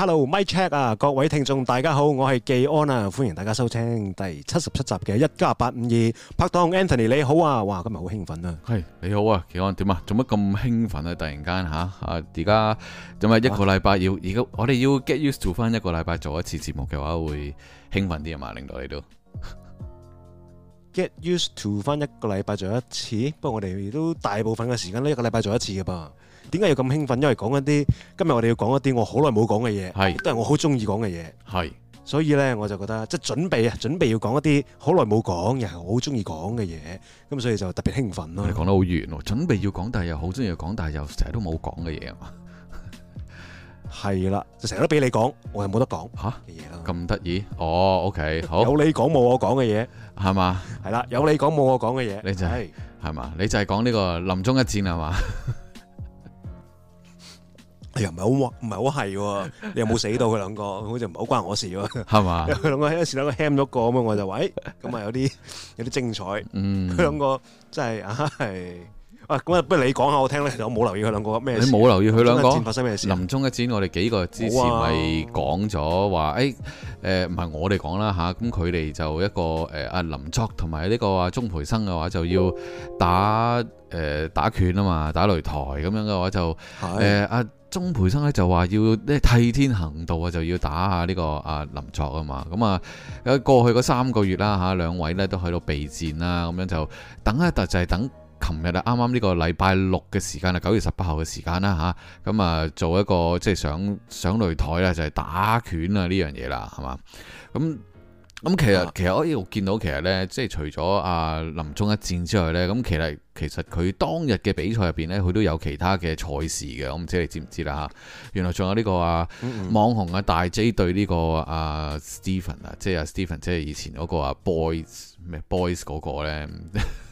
Hello，mic check 啊，Hello, 各位聽眾大家好，我係技安啊，歡迎大家收聽第七十七集嘅一家八五二，52, 拍檔 Anthony 你好啊，哇，今日好興奮啊，係、hey, 你好啊，技安點啊，做乜咁興奮啊，突然間吓啊，而家做咩一個禮拜要而家、啊、我哋要 get used to 翻一個禮拜做一次節目嘅話，會興奮啲啊嘛，令到你都 get used to 翻一個禮拜做一次，不過我哋都大部分嘅時間都一個禮拜做一次嘅噃。點解要咁興奮？因為講一啲今日我哋要講一啲我好耐冇講嘅嘢，係都係我好中意講嘅嘢，係所以咧我就覺得即係準備啊，準備要講一啲好耐冇講又係我好中意講嘅嘢，咁所以就特別興奮咯。你講得好圓咯，準備要講，但係又好中意講，但係又成日都冇講嘅嘢啊，係啦，就成日都俾你講，我又冇得講吓嘅嘢咯。咁得意哦，OK，好，有你講冇我講嘅嘢係嘛？係啦，有你講冇我講嘅嘢，你就係，係嘛？你就係講呢個臨終一戰係嘛？又唔係好唔係好係喎，你又冇死到佢兩個，好似唔係好關我事喎，係嘛？佢兩個有時兩個 ham 咗個咁樣，我就話，誒，咁啊有啲有啲精彩，嗯，佢兩個真係啊係，啊咁啊不如你講下我聽咧，我冇留意佢兩個咩事。你冇留意佢兩個發生咩事？林鍾一戰之前我哋幾個之前咪講咗話，誒誒唔係我哋講啦嚇，咁佢哋就一個誒阿林卓同埋呢個話鍾培生嘅話就要打誒打拳啊嘛，打擂台咁樣嘅話就誒阿。鍾培生咧就話要咧替天行道啊，就要打下呢個阿林作啊嘛，咁啊過去嗰三個月啦吓，兩位呢都喺度備戰啦，咁樣就等一等啊，就係等琴日啊，啱啱呢個禮拜六嘅時間啊，九月十八號嘅時間啦吓，咁啊做一個即係上上擂台啦，就係打拳啊呢樣嘢啦，係嘛咁。咁其實其實我依度見到其實呢，即係除咗阿、啊、林峯一戰之外呢，咁其實其實佢當日嘅比賽入邊呢，佢都有其他嘅賽事嘅，我唔知你知唔知啦嚇。原來仲有呢個啊，嗯嗯網紅啊，大 J 對呢個啊 Stephen 啊，Stephen，即係阿 Stephen 即係以前嗰個啊 Boys 咩 Boys 嗰個咧。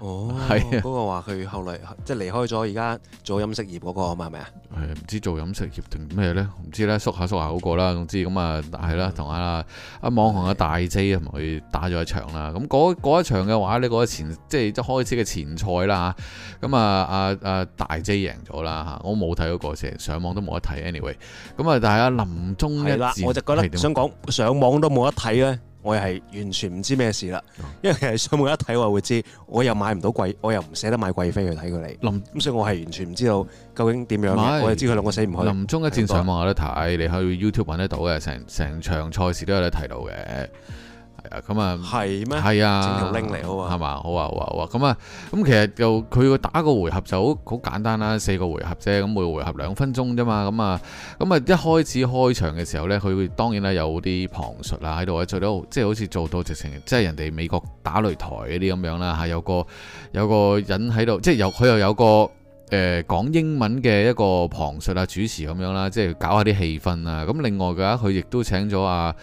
哦，係啊，嗰個話佢後來即係離開咗而家做飲食業嗰個嘛，係咪啊？係唔知做飲食業定咩咧？唔知咧，縮下縮下嗰個啦，總之咁啊係啦，同阿阿網紅阿大 J 同佢打咗一場啦。咁嗰嗰一場嘅話咧，嗰前即係即係開始嘅前賽啦。咁啊阿阿大 J 贏咗啦吓，我冇睇嗰個成日上網都冇得睇，anyway。咁啊但係阿林終一戰係點？想講上網都冇得睇咧。我又係完全唔知咩事啦，因為其實上網一睇我會知，我又買唔到貴，我又唔捨得買貴妃去睇佢你，咁，林 所以我係完全唔知道究竟點樣。是我就知佢兩個死唔開。臨終一戰上網有得睇，嗯、你去 YouTube 揾得到嘅，成成場賽事都有得睇到嘅。咁嗎啊，係咩？係啊，拎嚟好啊，係嘛？好啊，好啊，好啊！咁啊，咁其實就佢個打個回合就好好簡單啦，四個回合啫，咁每個回合兩分鐘啫嘛，咁啊，咁啊一開始開場嘅時候呢，佢當然係有啲旁述啊喺度，最多即係好似做到直情，即係人哋美國打擂台啲咁樣啦嚇，有個有個人喺度，即係又佢又有個。誒，講英文嘅一個旁述啊，主持咁樣啦，即係搞下啲氣氛啊。咁另外嘅話，佢亦都請咗阿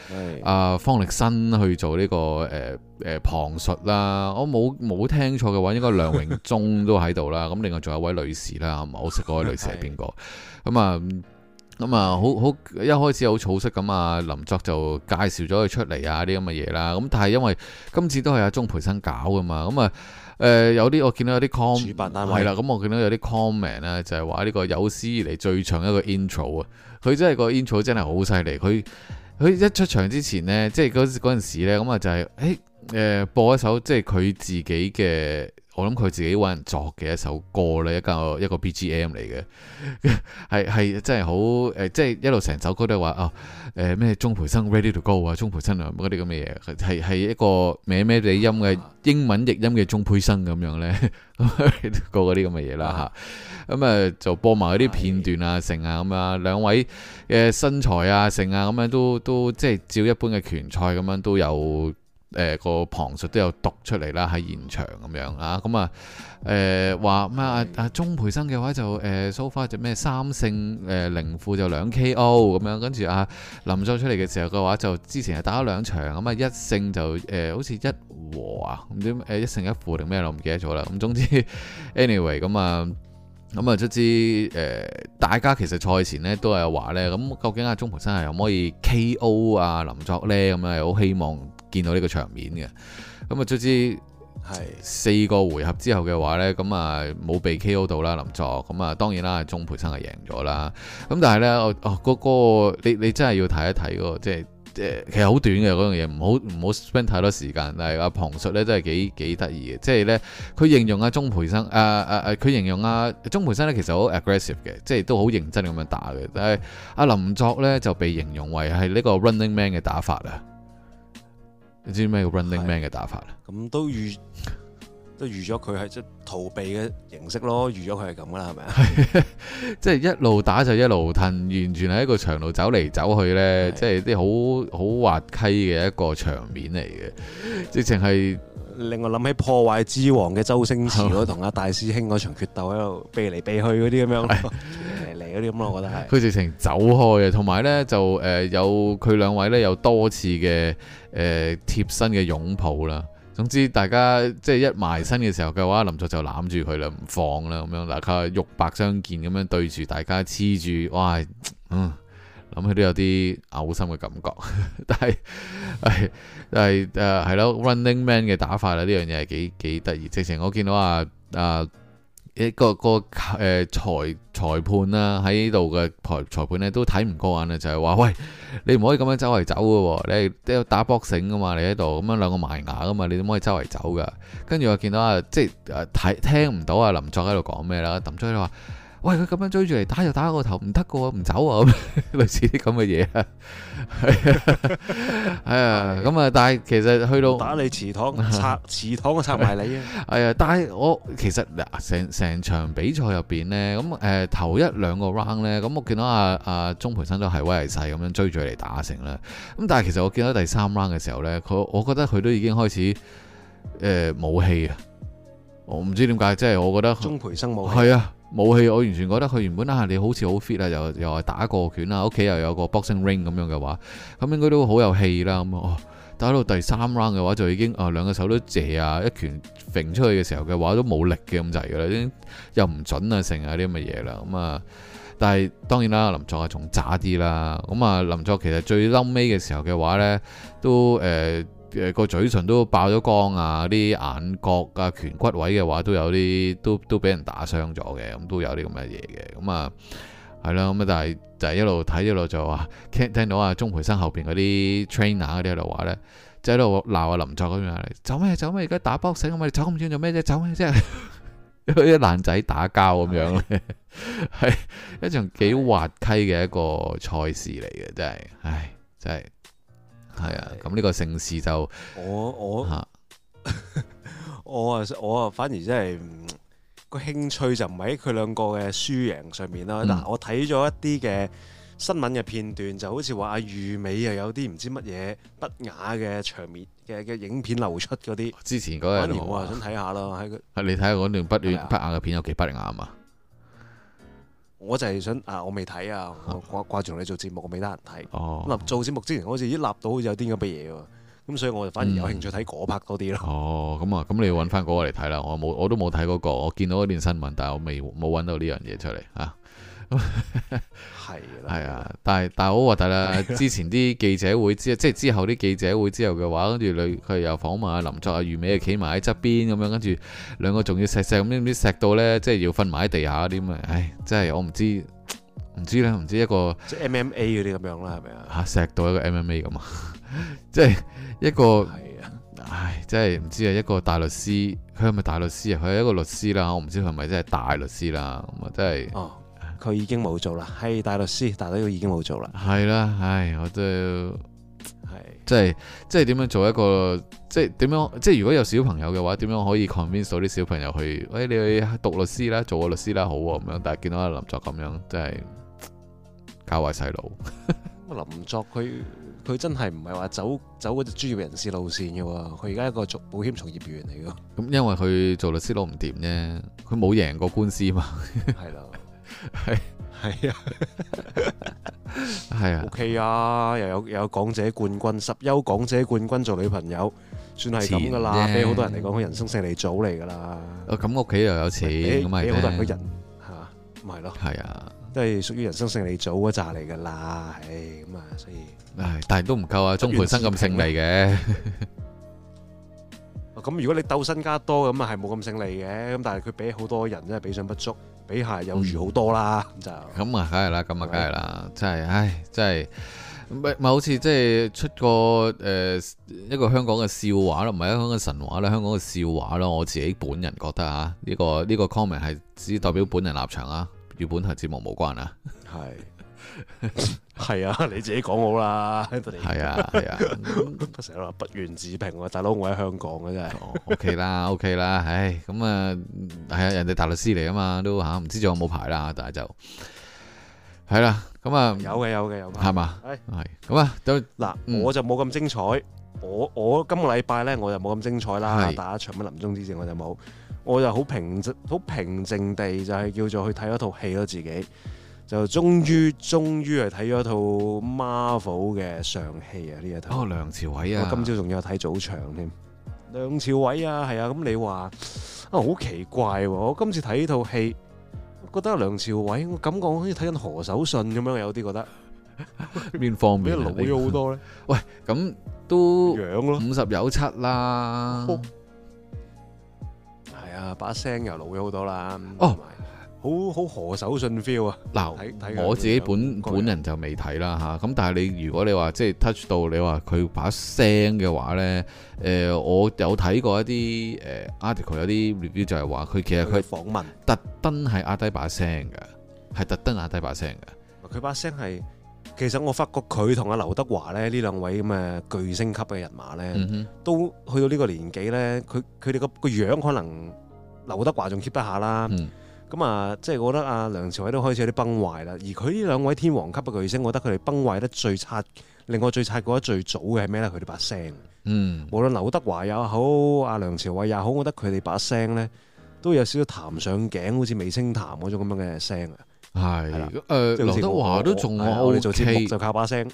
阿方力申去做呢個誒誒旁述啦。我冇冇聽錯嘅話應該，應該梁榮忠都喺度啦。咁另外仲有位女士啦，唔係好識位女士係邊個？咁啊咁啊，好好一開始好草率咁啊。林作就介紹咗佢出嚟啊啲咁嘅嘢啦。咁但係因為今次都係阿鍾培生搞噶嘛，咁啊。誒、呃、有啲我見到有啲 comment 係啦，咁、嗯、我見到有啲 comment 咧就係話呢個有史以嚟最長一個 intro 啊 int！佢真係個 intro 真係好犀利。佢佢一出場之前呢，即係嗰嗰陣時咧，咁啊就係誒誒播一首即係佢自己嘅。我諗佢自己搵人作嘅一首歌呢一,一個一個 BGM 嚟嘅，係係真係好誒，即係一路成首歌都係話啊，誒咩鍾培生 ready to go 的的啊，鍾培生啊嗰啲咁嘅嘢，係係一個咩咩底音嘅英文譯音嘅鍾培生咁樣呢，嗰啲咁嘅嘢啦吓，咁啊就播埋嗰啲片段的啊，成啊咁啊，兩位嘅身材啊，成啊咁樣都都，都即係照一般嘅拳賽咁樣都有。誒、呃、個旁述都有讀出嚟啦，喺現場咁樣啊。咁啊，誒話咩啊？阿鍾培生嘅話就誒 so far 隻咩三勝誒零、呃、負就兩 K.O. 咁樣，跟住阿林作出嚟嘅時候嘅話就之前係打咗兩場咁啊，一勝就誒、呃、好似一和啊，咁點誒一勝一負定咩？我唔記得咗啦。咁總之 anyway 咁啊，咁啊，卒之誒大家其實賽前呢都係話咧，咁究竟阿鍾培生係可唔可以 K.O. 啊林作咧？咁樣好希望。見到呢個場面嘅，咁啊，卒之係四個回合之後嘅話呢，咁啊冇被 KO 到啦，林作，咁啊當然啦，鍾培生係贏咗啦。咁但係呢，哦嗰個你你真係要睇一睇嗰個，即係誒，其實好短嘅嗰樣嘢，唔好唔好 spend 太多時間。但係阿龐述呢，真係幾幾得意嘅，即係呢，佢形容阿鍾培生，誒誒誒，佢形容阿鍾培生呢，其實好 aggressive 嘅，即係都好認真咁樣打嘅。但係阿林作呢，就被形容為係呢個 running man 嘅打法啊。你知咩叫 running man 嘅打法咧？咁都預都預咗佢係即逃避嘅形式咯，預咗佢係咁噶啦，係咪啊？ 即係一路打就一路褪，完全係一個長路走嚟走去咧，的即係啲好好滑稽嘅一個場面嚟嘅，直情係。令我諗起破壞之王嘅周星馳嗰同阿大師兄嗰場決鬥喺度避嚟避去嗰啲咁樣嚟嚟啲咁咯，我覺得係佢 直情走開嘅，同埋呢，就誒有佢兩位呢有多次嘅誒貼身嘅擁抱啦。總之大家即係一埋身嘅時候嘅話，林作就攬住佢啦，唔放啦咁樣，大家肉白相見咁樣對住大家黐住，哇嗯。 諗起都有啲嘔心嘅感覺， 但係係係誒係咯 Running Man 嘅打法啦，呢樣嘢係幾幾得意。直情我見到啊啊、uh, 一個一個誒、uh, 裁裁判啦喺度嘅裁裁判咧都睇唔過眼啊，就係、是、話喂，你唔可以咁樣周圍走嘅喎，你都打 boxing 嘅嘛，你喺度咁樣兩個埋牙嘅嘛，你點可以周圍走嘅？跟住我見到啊，即係誒睇聽唔到啊林作喺度講咩啦，抌出嚟話。喂，佢咁樣追住嚟打就打個頭，唔得個喎，唔走啊咁，類似啲咁嘅嘢啊，係啊，係啊，咁啊，但係其實去到打你祠堂拆祠堂，哎嗯嗯，我拆埋你啊！係啊，但係我其實成成場比賽入邊呢，咁誒頭一兩個 round 呢，咁我見到阿阿鍾培生都係威勢咁樣追住嚟打成啦。咁但係其實我見到第三 round 嘅時候呢，佢我覺得佢都已經開始誒冇氣啊！我唔知點解，即係我覺得鍾培生冇氣啊。武器我完全覺得佢原本啊，你好似好 fit 啊，又又係打過拳啊，屋企又有個 boxing ring 咁樣嘅話，咁應該都好有氣啦咁啊。打到第三 round 嘅話，就已經啊兩個手都謝啊，一拳揈出去嘅時候嘅話都冇力嘅咁滯噶啦，已經又唔準啊成啊啲咁嘅嘢啦咁啊。但係當然啦，林作係仲渣啲啦。咁啊，林作其實最，最後尾嘅時候嘅話呢，都誒。呃誒個嘴唇都爆咗光啊！啲眼角啊、拳骨位嘅話都有啲都都俾人打傷咗嘅，咁都有啲咁嘅嘢嘅，咁啊係啦，咁啊但係就係一路睇一路就話聽到啊鍾培生後邊嗰啲 trainer 嗰啲喺度話咧，就喺度鬧啊林作咁樣嚟，走咩，走咩，而家打波死我，你走咁遠做咩啫，走咩啫、啊，嗰啲爛仔打交咁樣咧，係的 一場幾滑稽嘅一個賽事嚟嘅，真係，唉，真係。係啊，咁呢個盛事就我我 我啊我啊反而真係個興趣就唔喺佢兩個嘅輸贏上面啦。嗱、嗯，但我睇咗一啲嘅新聞嘅片段，就好似話阿玉美又有啲唔知乜嘢不雅嘅場面嘅嘅影片流出嗰啲。之前嗰日我話想睇下咯，喺佢、嗯。那個、你睇下嗰段不亂不、啊、雅嘅片有幾不雅啊？我就係想啊，我未睇啊，我掛掛住同你做節目，我未得閒睇。咁、哦、做節目之前，我一好似啲立到好似有啲咁嘅嘢喎，咁所以我就反而有興趣睇嗰拍多啲咯、嗯。哦，咁啊，咁你要揾翻嗰個嚟睇啦。我冇，我都冇睇嗰個，我見到一段新聞，但係我未冇揾到呢樣嘢出嚟啊。係啦，係啊持人， 但係但係好核突啦。 的之前啲記者會之，即係之後啲記者會之後嘅話，跟住佢又訪問阿林作、阿余美，又企埋喺側邊咁樣，跟住兩個仲要錫錫咁，啲知錫到咧，即係要瞓埋喺地下點啊？唉，真係我唔知，唔知呢？唔知一個即係 M M A 嗰啲咁樣啦，係咪啊？吓錫到一個 M M A 咁啊，即係一個唉，真係唔知啊，一個大律師，佢係咪大律師啊？佢係一個律師啦，我唔知佢係咪真係大律師啦，咁啊真係佢已經冇做啦，係大律師，但係都已經冇做啦。係啦，唉，我都係，即係即係點樣做一個，即係點樣，即係如果有小朋友嘅話，點樣可以 convince 到啲小朋友去？誒、哎，你去讀律師啦，做個律師啦，好喎、啊、咁樣。但係見到阿林作咁樣，真係教壞細路。 林作佢佢真係唔係話走走嗰啲專業人士路線嘅喎，佢而家一個做保險從業員嚟嘅。咁因為佢做律師都唔掂啫，佢冇贏過官司嘛。係 啦。係係啊，係啊，OK 啊，又有又有港姐冠軍、十優港姐冠軍做女朋友，算係咁噶啦。俾好多人嚟講，人生勝利組嚟噶啦。啊，咁屋企又有錢，咁啊，好多人人吓，咪係咯，係啊，都係屬於人生勝利組嗰扎嚟噶啦。唉，咁啊，所以唉，但係都唔夠啊，鍾培生咁勝利嘅。啊，咁如果你鬥身家多咁啊，係冇咁勝利嘅。咁但係佢俾好多人真係比上不足。比下有餘好多啦，咁、嗯、就咁啊，梗係啦，咁啊就，梗係啦，的真係，唉，真係，唔唔好似即係出過誒、呃、一個香港嘅笑話咯，唔係香港嘅神話咯，香港嘅笑話咯，我自己本人覺得啊，呢、這個呢、這個 comment 係只代表本人立場啊，與本台節目無關啊，係的。 係啊，你自己講好啦。係啊係啊，成日話不怨自平，大佬我喺香港嘅真係。O K 啦，O K 啦，唉，咁啊，係啊，人哋大律師嚟啊嘛，都吓，唔知仲有冇牌啦吓，但係就係啦，咁啊，有嘅有嘅有。係嘛，係，咁啊，都嗱，我就冇咁精彩，我我今個禮拜咧，我就冇咁精彩啦，打一場乜臨終之戰我就冇，我就好平靜，好平靜地就係叫做去睇一套戲咯自己。就終於，終於係睇咗一套 Marvel 嘅上戲啊！呢一套梁朝偉啊，今朝仲有睇早場添。梁朝偉啊，係啊，咁你話啊，好、哦、奇怪喎、啊！我今次睇呢套戲，我覺得梁朝偉，我感覺好似睇緊何守信咁樣，我有啲覺得邊方面、啊？即係老咗好多咧。喂，咁都樣、啊、五十有七啦。係、哦、啊，把聲又老咗好多啦。哦。好好何守信 feel 啊！嗱看，看我自己本本人就未睇啦嚇，咁、啊、但係你如果你話即係 touch 到你話佢把聲嘅話咧，誒、呃，我有睇過一啲誒、呃、article 有啲 review 就係話佢其實佢訪問特登係壓低把聲嘅，係特登壓低把聲嘅，佢把聲係其實我發覺佢同阿劉德華咧呢兩位咁嘅巨星級嘅人馬咧，嗯、哼都去到呢個年紀咧，佢佢哋個個樣，可能劉德華仲 keep 得下啦。嗯咁啊，嗯，即係我覺得阿梁朝偉都開始有啲崩壞啦。而佢呢兩位天王級嘅巨星，我覺得佢哋崩壞得最差，另外最差覺得最早嘅係咩咧？佢哋把聲，嗯，無論劉德華又好，阿梁朝偉又好，我覺得佢哋把聲咧都有少少談上頸，好似美聲談嗰種咁樣嘅聲啊。係，誒，劉德華都仲我 OK，就靠把聲。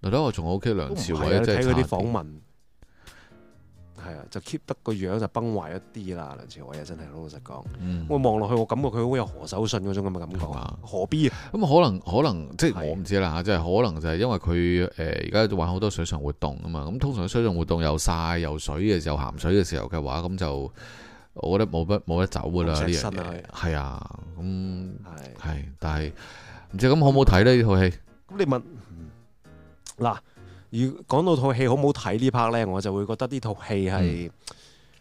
劉德華仲 OK，梁朝偉睇佢啲訪問。係啊，就 keep 得個樣就崩壞一啲啦。梁朝偉啊，真係老老實講，嗯、我望落去，我感覺佢好有何守信嗰種咁嘅感覺。的何必啊？咁、嗯、可能可能即係我唔知啦嚇，即係的可能就係因為佢誒而家玩好多水上活動啊嘛。咁通常水上活動又晒，又水嘅，時候，鹹水嘅時候嘅話，咁就我覺得冇不冇得走噶啦呢樣嘢。係啊，咁係係，但係唔知咁好唔好睇呢？呢套戲咁你問嗱。嗯要講到套戲好唔好睇呢 part 咧，我就會覺得呢套戲係，嗯、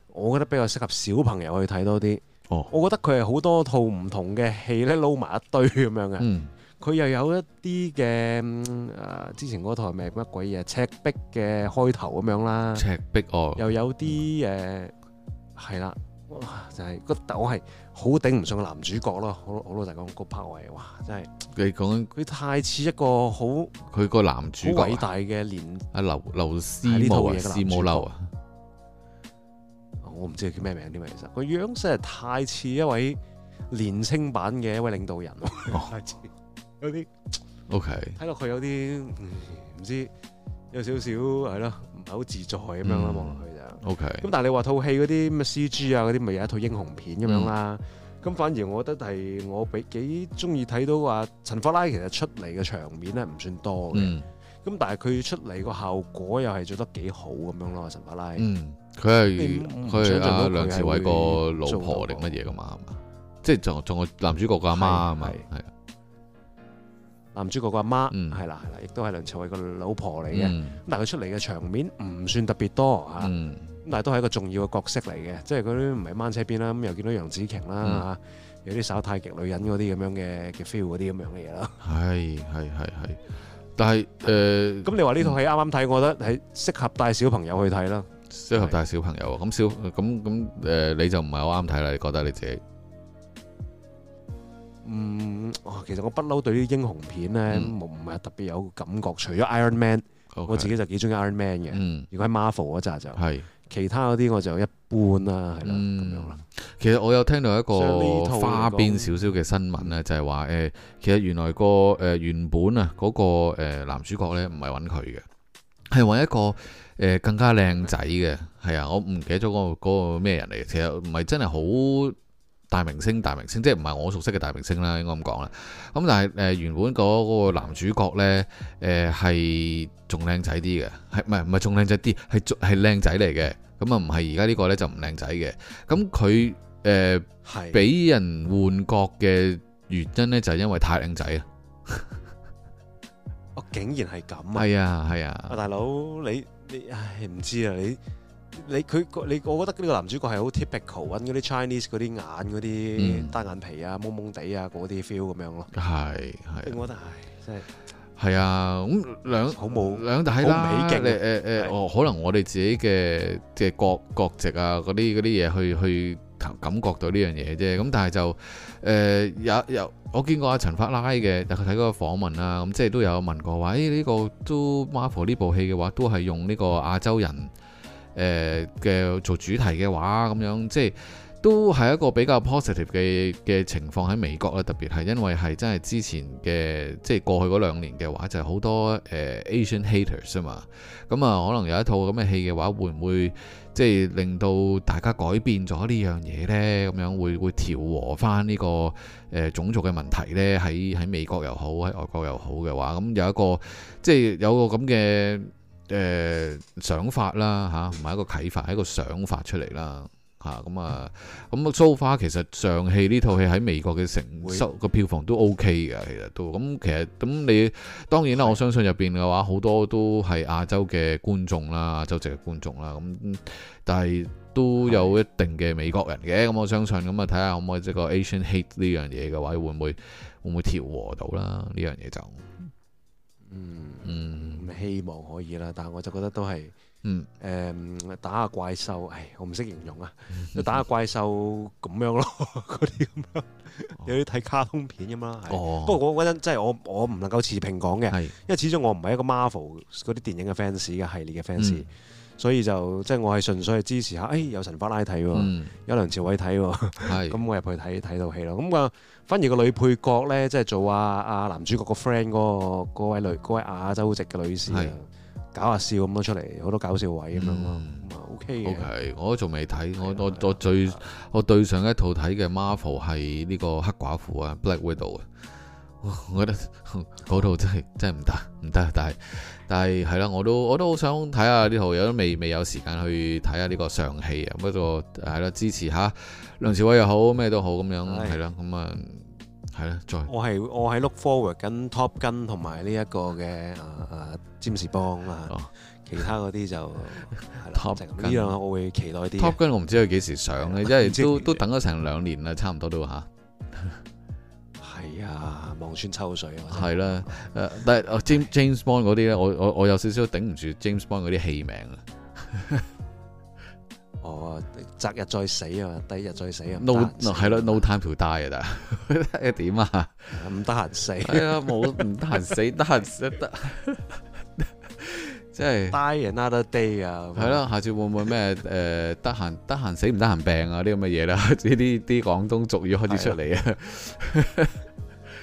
我覺得比較適合小朋友去睇多啲。哦、我覺得佢係好多套唔同嘅戲咧撈埋一堆咁樣嘅，佢、嗯、又有一啲嘅誒，之前嗰套咩乜鬼嘢？赤壁嘅開頭咁樣啦，赤壁、哦、又有啲誒，係啦、嗯，就係個豆係。好頂唔上個男主角咯，好老好老實講，個拍位哇，真係佢講佢太似一個好佢個男主角，好偉大嘅年啊，劉劉思慕呢套嘢，思慕劉啊，我唔知佢叫咩名啲咩？其實個樣真係太似一位年青版嘅一位領導人，哦、太似有啲 OK，睇落佢有啲唔、嗯、知。有少少係咯，唔係好自在咁樣咯，望落去就。OK。咁但係你話套戲嗰啲咩 CG 啊嗰啲，咪有一套英雄片咁樣啦。咁、mm, 反而我覺得係我比幾中意睇到話陳法拉其實出嚟嘅場面咧唔算多嘅。咁、mm, 但係佢出嚟個效果又係做得幾好咁樣咯，陳法拉。佢係佢係阿梁朝偉個老婆定乜嘢噶嘛？即係仲仲個男主角個阿媽啊嘛，係啊。男主角個阿媽，係啦係啦，亦都係梁朝偉個老婆嚟嘅。咁、嗯、但係佢出嚟嘅場面唔算特別多嚇，咁、嗯啊、但係都係一個重要嘅角色嚟嘅。即係嗰啲唔係掹車邊啦，咁又見到楊紫瓊啦，有啲耍太極女人嗰啲咁樣嘅嘅 feel 嗰啲咁樣嘅嘢咯。係係係係，但係誒，咁、呃、你話呢套戲啱啱睇，嗯、我覺得係適合帶小朋友去睇啦。適合帶小朋友咁是小咁咁誒，你就唔係好啱睇啦。你覺得你自己？嗯，其實我不嬲對於英雄片咧，唔係、嗯、特別有感覺。除咗 Iron Man，okay，我自己就幾中意 Iron Man 嘅。嗯、如果喺 Marvel 嗰陣就係是其他嗰啲我就一般啦，係啦咁樣啦。其實我有聽到一個花邊少少嘅新聞咧，嗯、就係話誒，其實原來、嗰個誒、呃、原本啊、嗰、嗰個、呃、男主角咧唔係揾佢嘅，係揾一個誒、呃、更加靚仔嘅。係啊，我唔記得咗嗰、嗰個咩、嗰個嗰個、人嚟嘅。其實唔係真係好。大明星，大明星，即係唔係我熟悉嘅大明星啦，應該咁講啦。咁但係誒，原本嗰嗰個男主角呢，誒係仲靚仔啲嘅，係唔係唔係仲靚仔啲，係係靚仔嚟嘅。咁啊唔係而家呢個呢，就唔靚仔嘅。咁佢誒俾人換角嘅原因呢，就係因為太靚仔 啊！我竟然係咁啊！係啊係啊！阿大佬你你唉唔知啊你。你你佢你我覺得呢個男主角係好 typical，揾嗰啲 Chinese 嗰啲眼嗰啲單眼皮啊，蒙蒙地啊嗰啲 feel 咁樣咯。係我覺得係真係係啊。咁兩好冇兩大啦，好美極誒哦，可能我哋自己嘅嘅國國籍啊，嗰啲啲嘢去去感覺到呢樣嘢啫。咁但係就誒有有我見過阿陳法拉嘅，就佢睇嗰個訪問啦。咁即係都有問過話，誒呢個都 Marvel 呢部戲嘅話，都係用呢個亞洲人。誒嘅、呃、做主題嘅話咁樣，即係都係一個比較 positive 嘅嘅情況喺美國啦。特別係因為係真係之前嘅即係過去嗰兩年嘅話，就係、是、好多誒、呃、Asian haters 啊嘛。咁啊，可能有一套咁嘅戲嘅話，會唔會即係令到大家改變咗呢樣嘢呢？咁樣會會調和返呢、這個誒、呃、種族嘅問題呢？喺喺美國又好，喺外國又好嘅話，咁有一個即係有個咁嘅。誒、 呃，想法啦，吓唔係一個啟發，係一個想法出嚟啦，吓咁啊，咁蘇花其實《上戲》呢套戲喺美國嘅成收個票房都 OK 嘅，其實都咁，其實咁你當然啦，我相信入邊嘅話好多都係亞洲嘅觀眾啦，亞洲籍嘅觀眾啦，咁但係都有一定嘅美國人嘅，咁、嗯、我相信咁啊，睇下可唔可以即係個 Asian hate 呢樣嘢嘅話，會唔會會唔會調和到啦？呢樣嘢就。嗯，嗯，希望可以啦，但係我就覺得都係，誒、嗯呃、打下怪獸，唉，我唔識形容啊，嗯嗯、就打下怪獸咁樣咯，嗰啲咁樣，又要睇卡通片咁啦、哦。不過我覺得真係我我唔能夠持平講嘅，是因為始終我唔係一個 Marvel 嗰啲電影嘅 fans 嘅系列嘅 fans、嗯。所以就即係、就是、我係純粹係支持下，誒、哎，有陳法拉睇，嗯、有梁朝偉睇，咁我入去睇睇套戲咯。咁啊、嗯，反而個女配角咧，即係做啊阿男主角個 friend 嗰個位女嗰位亞洲籍嘅女士搞下笑咁多出嚟，好多搞笑位咁樣咯。O K，我都仲未睇，我我我最、嗯、我對上一套睇嘅 Marvel 係呢個黑寡婦啊，Black Widow 啊， 我覺得嗰套 真係真係唔得唔得，但係。但係係啦，我都我都好想睇下啲好友都未未有時間去睇下呢個上戲啊。不過係啦，支持下梁朝偉又好咩都好咁樣，係啦，咁啊係啦，再。我係我係 look forward 緊 Top Gun 同埋呢一個嘅啊啊 James Bond 啊，其他嗰啲就 Top Gun 呢樣我會期待啲。Top Gun 我唔知佢幾時上咧？因為都都等咗成兩年啦，差唔多都嚇。啊，望穿秋水啊嘛，係啦，誒，但係 James Bond 嗰啲咧，我我我有少少頂唔住 James Bond 嗰啲戲名啊，哦，擇日再死啊嘛，第二日再死啊，no 係咯，no time to die 啊，得點啊，唔得閒死，係啊，冇唔得閒死，得閒得得，即係 die another day 啊，係咯，下次會唔會咩誒，得閒得閒死唔得閒病啊啲咁嘅嘢啦，呢啲啲廣東俗語開始出嚟啊。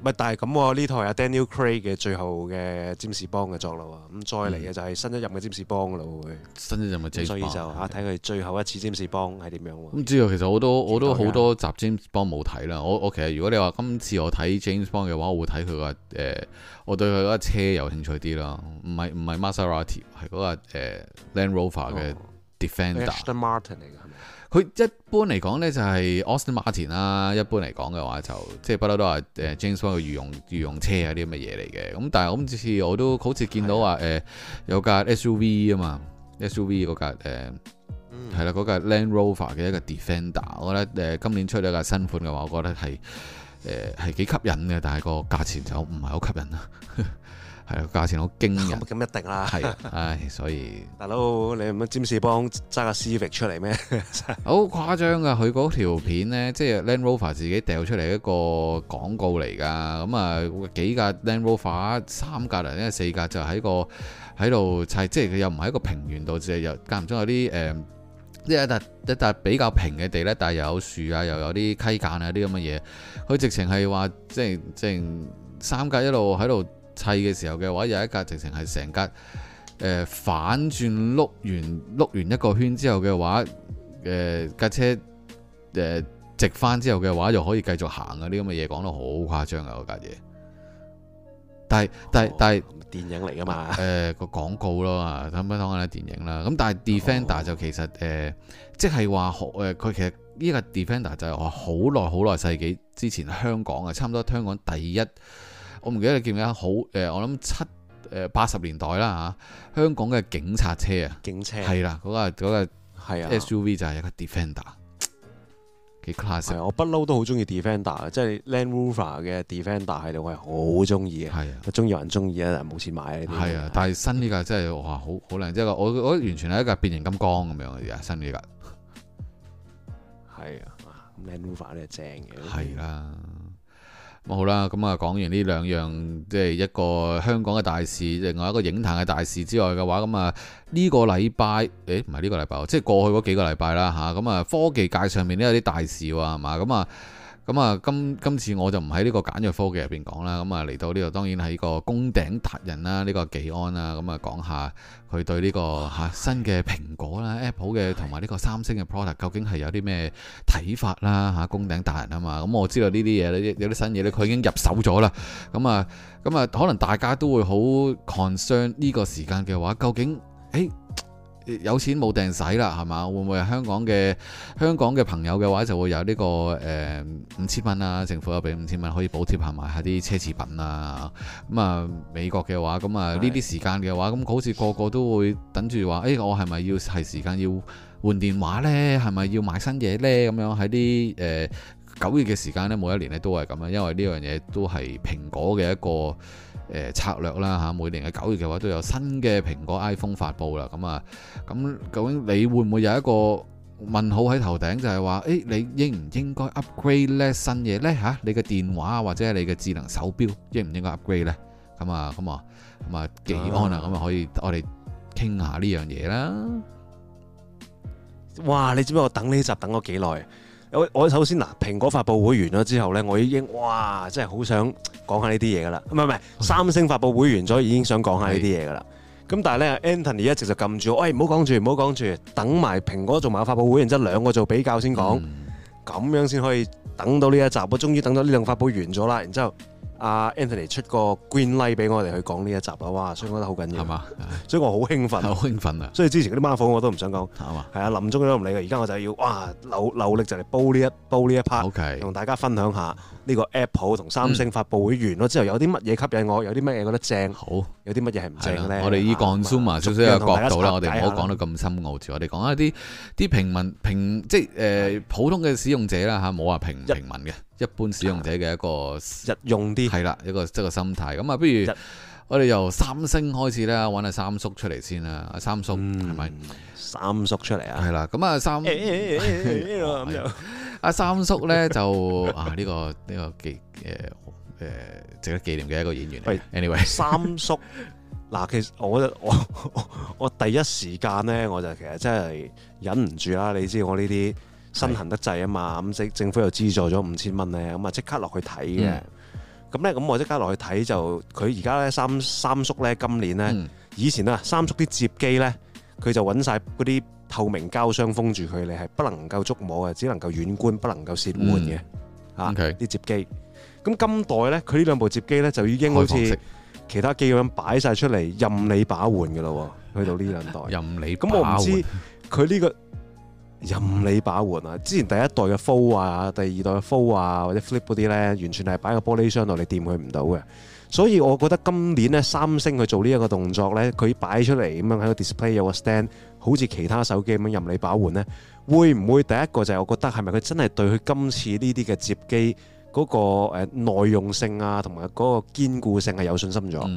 唔係，但係咁喎，呢台阿 Daniel Craig 嘅最後嘅占士邦嘅作啦喎，咁再嚟嘅就係新一任嘅占士邦啦會。嗯、新一任嘅占士邦。嗯、所以就嚇睇佢最後一次占士邦係點樣喎？唔知啊，其實我都我都好多集占士邦冇睇啦。我我其實如果你話今次我睇 James 占士邦嘅話，我會睇佢個誒，我對佢嗰架車有興趣啲啦。唔係唔係 Maserati，係嗰、那個誒、呃、Land Rover 嘅 Defender、哦。Aston Martin 嚟㗎。佢一般嚟講咧就係 Austin 馬田啦，一般嚟講嘅話就即係不嬲都係誒 James Bond 嘅御用御用車啊啲咁嘅嘢嚟嘅，咁但係我今次我都好似見到話誒的、呃、有架 SU SUV 啊嘛，SUV 嗰架誒係啦嗰架 Land Rover 嘅一個 Defender，我覺得誒今年出咗架新款嘅話，我覺得係誒係幾吸引嘅，但係個價錢就唔係好吸引啦。 係咯，價錢好驚人，咁一定啦。係的，唉、 哎，所以。大佬，你唔咪占士幫揸個私域出嚟咩？好誇張噶，佢嗰條片呢，即係 Land Rover 自己掉出嚟一個廣告嚟噶。咁、嗯、啊，幾架 Land Rover，三架嚟，四架一四架就喺個喺度砌，即係佢又唔係一個平原度，即係又間唔中有啲誒，即係一笪、呃、一笪比較平嘅地咧，但係又有樹啊，又有啲溪澗啊啲咁嘅嘢。佢直情係話，即係即三架一路喺度。砌嘅時候嘅話，有一架直情係成架誒反轉碌完碌完一個圈之後嘅話，誒、呃、架車誒、呃、直翻之後嘅話，又可以繼續行嘅啲咁嘅嘢，講到好誇張啊！嗰架嘢，但係但係但係電影嚟㗎嘛？誒個、呃、廣告咯，咁樣當然啦電影啦。咁但係 Defender、哦、就其實誒、呃，即係話學誒，佢、呃、其實呢架 Defender 就係話好耐好耐世紀之前香港呀，差唔多香港第一。第一我唔記得你唔咩啊？好誒，我諗七誒八十年代啦吓、啊，香港嘅警察車啊，警車啊，係啦，嗰、那個嗰、那個係 SUV 就係一個 Defender，幾 class 啊！我不嬲都好中意 Defender，即係 Land Rover 嘅 Defender 係度。Ender，我係好中意係啊，中意人中意啊，但係冇錢買啊。係啊，但係新呢架真係哇，好好靚，即係我我完全係一架變形金剛咁樣嘅家新呢架。係啊，那個，Land Rover 咧正嘅。係啦的。咁好啦，咁啊講完呢兩樣，即係一個香港嘅大事，另外一個影壇嘅大事之外嘅話，咁啊呢個禮拜，誒唔係呢個禮拜，即係過去嗰幾個禮拜啦吓，咁啊科技界上面都有啲大事喎，係嘛，咁、嗯、啊。咁啊，今今次我就唔喺呢個簡約科技入邊講啦。咁啊，嚟到呢度當然係呢個攻頂達人啦，呢、這個技安啦。咁啊，講下佢對呢個嚇新嘅蘋果啦、Apple 嘅同埋呢個三星嘅 product 究竟係有啲咩睇法啦？嚇，攻頂達人啊嘛。咁我知道呢啲嘢咧，有啲新嘢咧，佢已經入手咗啦。咁啊，咁啊，可能大家都會好 concern 呢個時間嘅話，究竟誒？誒有錢冇定使啦，係嘛？會唔會香港嘅香港嘅朋友嘅話就會有呢、這個誒、呃、五千蚊啊，政府又俾五千蚊可以補貼下埋下啲奢侈品啊。咁、嗯、啊，美國嘅話咁啊呢啲的時間嘅話咁好似個個都會等住話，誒、哎、「我係咪要係時間要換電話呢？係咪要買新嘢呢？」咁樣喺啲誒九月嘅時間呢，每一年咧都係咁啦，因為呢樣嘢都係蘋果嘅一個。誒策略啦嚇，每年嘅九月嘅話都有新嘅蘋果 iPhone 發布啦，咁啊，咁究竟你會唔會有一個問號喺頭頂？就係話，誒你應唔應該 upgrade 呢新嘢呢嚇？你嘅電話或者係你嘅智能手錶應唔應該 upgrade 呢？咁啊，咁啊，咁啊，幾安啊？咁啊，可以我哋傾下呢樣嘢啦。哇！你知唔知我等呢集等咗幾耐？我我首先嗱、啊，蘋果發布會完咗之後咧，我已經哇，真係好想講下呢啲嘢噶啦，唔係唔係，三星發布會完咗已經想講下是呢啲嘢噶啦。咁但係咧，Anthony 一直就撳住我，喂唔好講住，唔好講住，等埋蘋果做埋發布會，然之後兩個做比較先講，咁、嗯、樣先可以等到呢一集。我終於等到呢兩發布完咗啦，然之後。阿 Anthony 出個 Green Light 俾我哋去講呢一集啊！哇，所以我覺得好緊要，係嘛嗎？ 所以我好興奮，好興奮啊！所以之前嗰啲馬房我都唔想講，係嗎啊，林中都唔理嘅。而家我就要哇，努努力就嚟煲呢一煲呢一 part，Okay .同大家分享下。呢個 Apple 同三星發布會完咗之後，有啲乜嘢吸引我？有啲乜嘢覺得正？好有啲乜嘢係唔正咧？我哋依個 consumer 少少嘅角度啦，我哋唔好講得咁深奧住。我哋講一啲啲平民平，即係誒普通嘅使用者啦嚇，冇話平平民嘅一般使用者嘅一個日用啲係啦，一個即係個心態。咁啊，不如我哋由三星開始啦，揾阿三叔出嚟先啦。阿三叔係咪？三叔出嚟啊？係啦。咁啊，三。阿三叔咧 就啊呢、這個呢、這個記誒誒值得紀念嘅一個演員。喂 anyway，三叔嗱 其實我覺得我我，我第一時間咧，我就其實真係忍唔住啦。你知我呢啲身痕得滯啊嘛，咁是的 政府又資助咗五千蚊咧，咁啊即刻落去睇嘅。咁咧，咁我即刻落去睇，就佢而家咧，三三叔咧，今年咧、嗯、以前啊三叔啲接機咧，佢就揾晒嗰啲。透明膠箱封住佢，你係不能夠觸摸嘅，只能夠遠觀，不能夠褻玩嘅。嗯、啊，啲折機。咁今代咧，佢呢兩部折機咧，就已經好似其他機咁樣擺晒出嚟，任你把玩嘅咯。去到呢兩代，任你。咁我唔知佢呢個任你把玩、這個、啊。之前第一代嘅 Fold 啊，第二代嘅 Fold 啊，或者 Flip 嗰啲咧，完全係擺喺個玻璃箱度，你掂佢唔到嘅。所以，我覺得今年咧，三星去做呢一個動作咧，佢擺出嚟咁樣喺個 display 有個 stand，好似其他手機咁樣任你把玩咧，呢會唔會第一個就係我覺得係咪佢真係對佢今次呢啲嘅摺機嗰個誒耐用性啊，同埋嗰個堅固性係有信心咗？佢、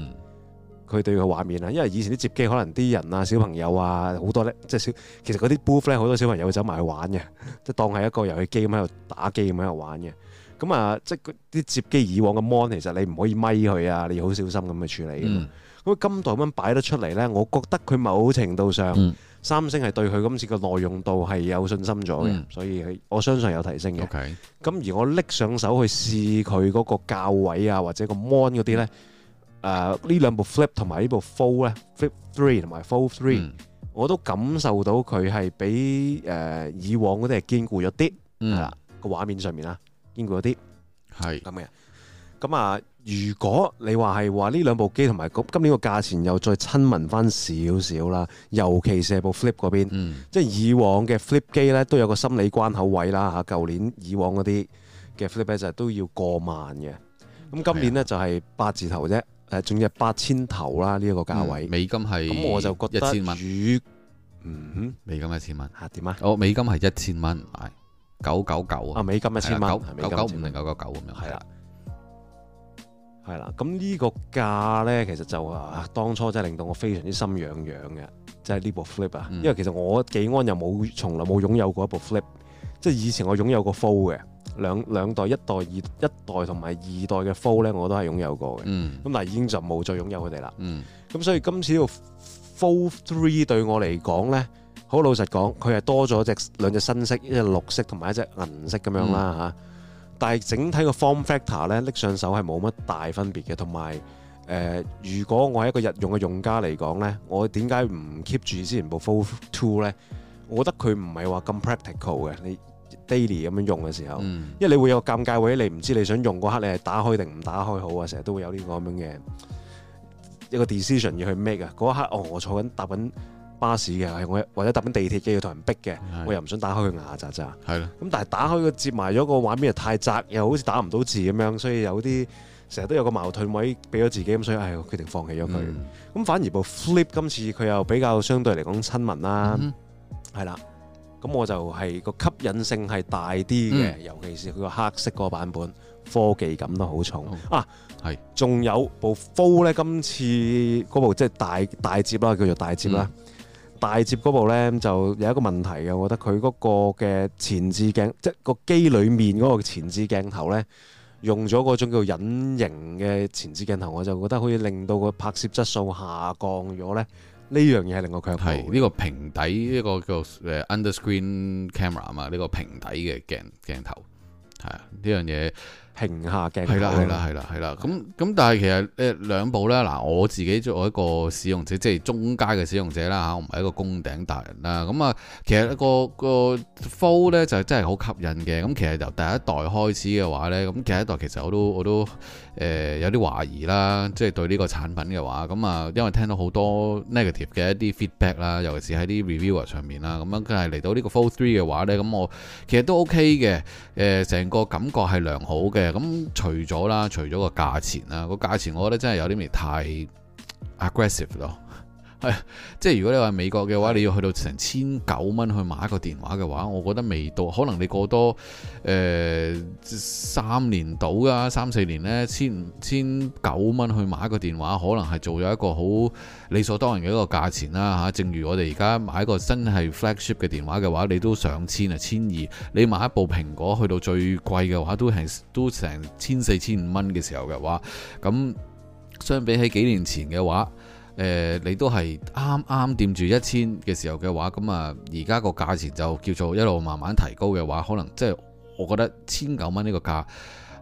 嗯、對個畫面啊，因為以前啲摺機可能啲人啊、小朋友啊好多呢，即係小其實嗰啲 booth 好多小朋友會走埋去玩嘅，即 係當係一個遊戲機咁喺度打機咁喺度玩嘅。咁啊，即係啲接機以往嘅 mon，其實你唔可以咪佢啊，你要好小心咁去處理。咁今代咁樣擺得出嚟咧，我覺得佢某程度上三星係對佢今次嘅耐用度係有信心咗嘅，所以我相信有提升嘅。咁而我拎上手去試佢嗰個較位啊，或者個 mon 嗰啲咧，誒呢兩部 flip 同埋呢部 fold 咧，flip three 同埋 fold three，我都感受到佢係比誒以往嗰啲係堅固咗啲，係啦個畫面上面啦。兼顧嗰啲，係咁嘅。咁啊是，如果你話係話呢兩部機同埋今年個價錢又再親民翻少少啦，尤其是係部 Flip 嗰邊，嗯、即係以往嘅 Flip 機咧都有個心理關口位啦吓。舊年以往嗰啲嘅 Flip 其都要過萬嘅，咁今年呢就係八字頭啫，誒，仲有八千頭啦呢一個價位。美金係，咁我就覺得主，嗯，美金一千蚊吓點啊？啊哦，美金係一千蚊，係。九九九啊！美金一千蚊，九九五零九九九咁樣，係啦、啊，係啦。咁呢個價咧，其實就啊，當初真係令到我非常之心癢癢嘅，即係呢部 Flip 啊。嗯、因為其實我幾安又冇，從來冇擁有，有過一部 Flip。即係以前我擁有過 Fold 嘅兩兩代、一代、二一代同埋二代嘅 Fold 咧，我都係擁有過嘅。咁、嗯、但係已經就冇再擁有佢哋啦。咁、嗯、所以今次呢個 Fold 3對我嚟講咧。好老實講，佢係多咗隻兩隻新色，一隻綠色同埋一隻銀色咁樣啦嚇。嗯、但係整體個 form factor 咧，拎上手係冇乜大分別嘅。同埋誒，如果我係一個日用嘅用家嚟講咧，我點解唔 keep 住之前部 Fold Two 咧？我覺得佢唔係話咁 practical 嘅，你 daily 咁樣用嘅時候，嗯、因為你會有個尷尬位，你唔知你想用嗰刻你係打開定唔打開好啊。成日都會有呢個咁樣嘅一個 decision 要去 make 啊。嗰一刻哦，我坐緊搭緊。巴士嘅，係我或者搭緊地鐵嘅要同人逼嘅，的我又唔想打開佢牙閘咋。係咯的。咁但係打開個摺埋咗個畫面又太窄，又好似打唔到字咁樣，所以有啲成日都有個矛盾位俾咗自己，咁所以唉，我決定放棄咗佢。咁、嗯、反而部 Flip 今次佢又比較相對嚟講親民啦，係啦、嗯。咁我就係、是、個吸引性係大啲嘅，嗯、尤其是佢個黑色嗰個版本，科技感都好重、嗯、啊。係的。仲有部 Fold 咧，今次嗰部即係大大折啦，叫做大折啦。嗯大接嗰部呢，就有一個問題嘅，我覺得佢嗰個嘅前置鏡，即係個機裡面嗰個前置鏡頭呢，用咗嗰種叫隱形嘅前置鏡頭，我就覺得可以令到個拍攝質素下降咗咧。呢樣嘢令我外一呢個平底一、呢個叫誒 under screen camera 啊嘛，呢個平底嘅鏡鏡頭係啊，呢樣嘢。停下嘅。係啦，係 啦，係啦，係啦。咁咁，但係其實誒兩、呃、部咧，嗱，我自己作為一個使用者，即係中階嘅使用者啦吓，我唔係一個工頂達人啦。咁啊，其實、那個個 Fold 咧就真係好吸引嘅。咁其實由第一代開始嘅話咧，咁第一代其實我都我都誒、呃、有啲懷疑啦，即係對呢個產品嘅話咁啊，因為聽到好多 negative 嘅一啲 feedback 啦，尤其是喺啲 reviewer 上面啦，咁樣佢係嚟到呢個 Fold Three 嘅話咧，咁我其實都 OK 嘅，誒、呃、成個感覺係良好嘅。咁除咗啦，除咗個價錢啦，那個價錢我覺得真係有啲未太 aggressive 咯。即係如果你話美國嘅話，你要去到成千九蚊去買一個電話嘅話，我覺得未到。可能你過多誒、呃、三年到啦，三四年呢，千千九蚊去買一個電話，可能係做咗一個好理所當然嘅一個價錢啦嚇、啊。正如我哋而家買一個真係 flagship 嘅電話嘅話，你都上千啊，千二，你買一部蘋果去到最貴嘅話，都係都成千四千五蚊嘅時候嘅話，咁相比起幾年前嘅話。誒、呃，你都係啱啱掂住一千嘅時候嘅話，咁、嗯、啊，而家個價錢就叫做一路慢慢提高嘅話，可能即係、就是、我覺得千九蚊呢個價，誒、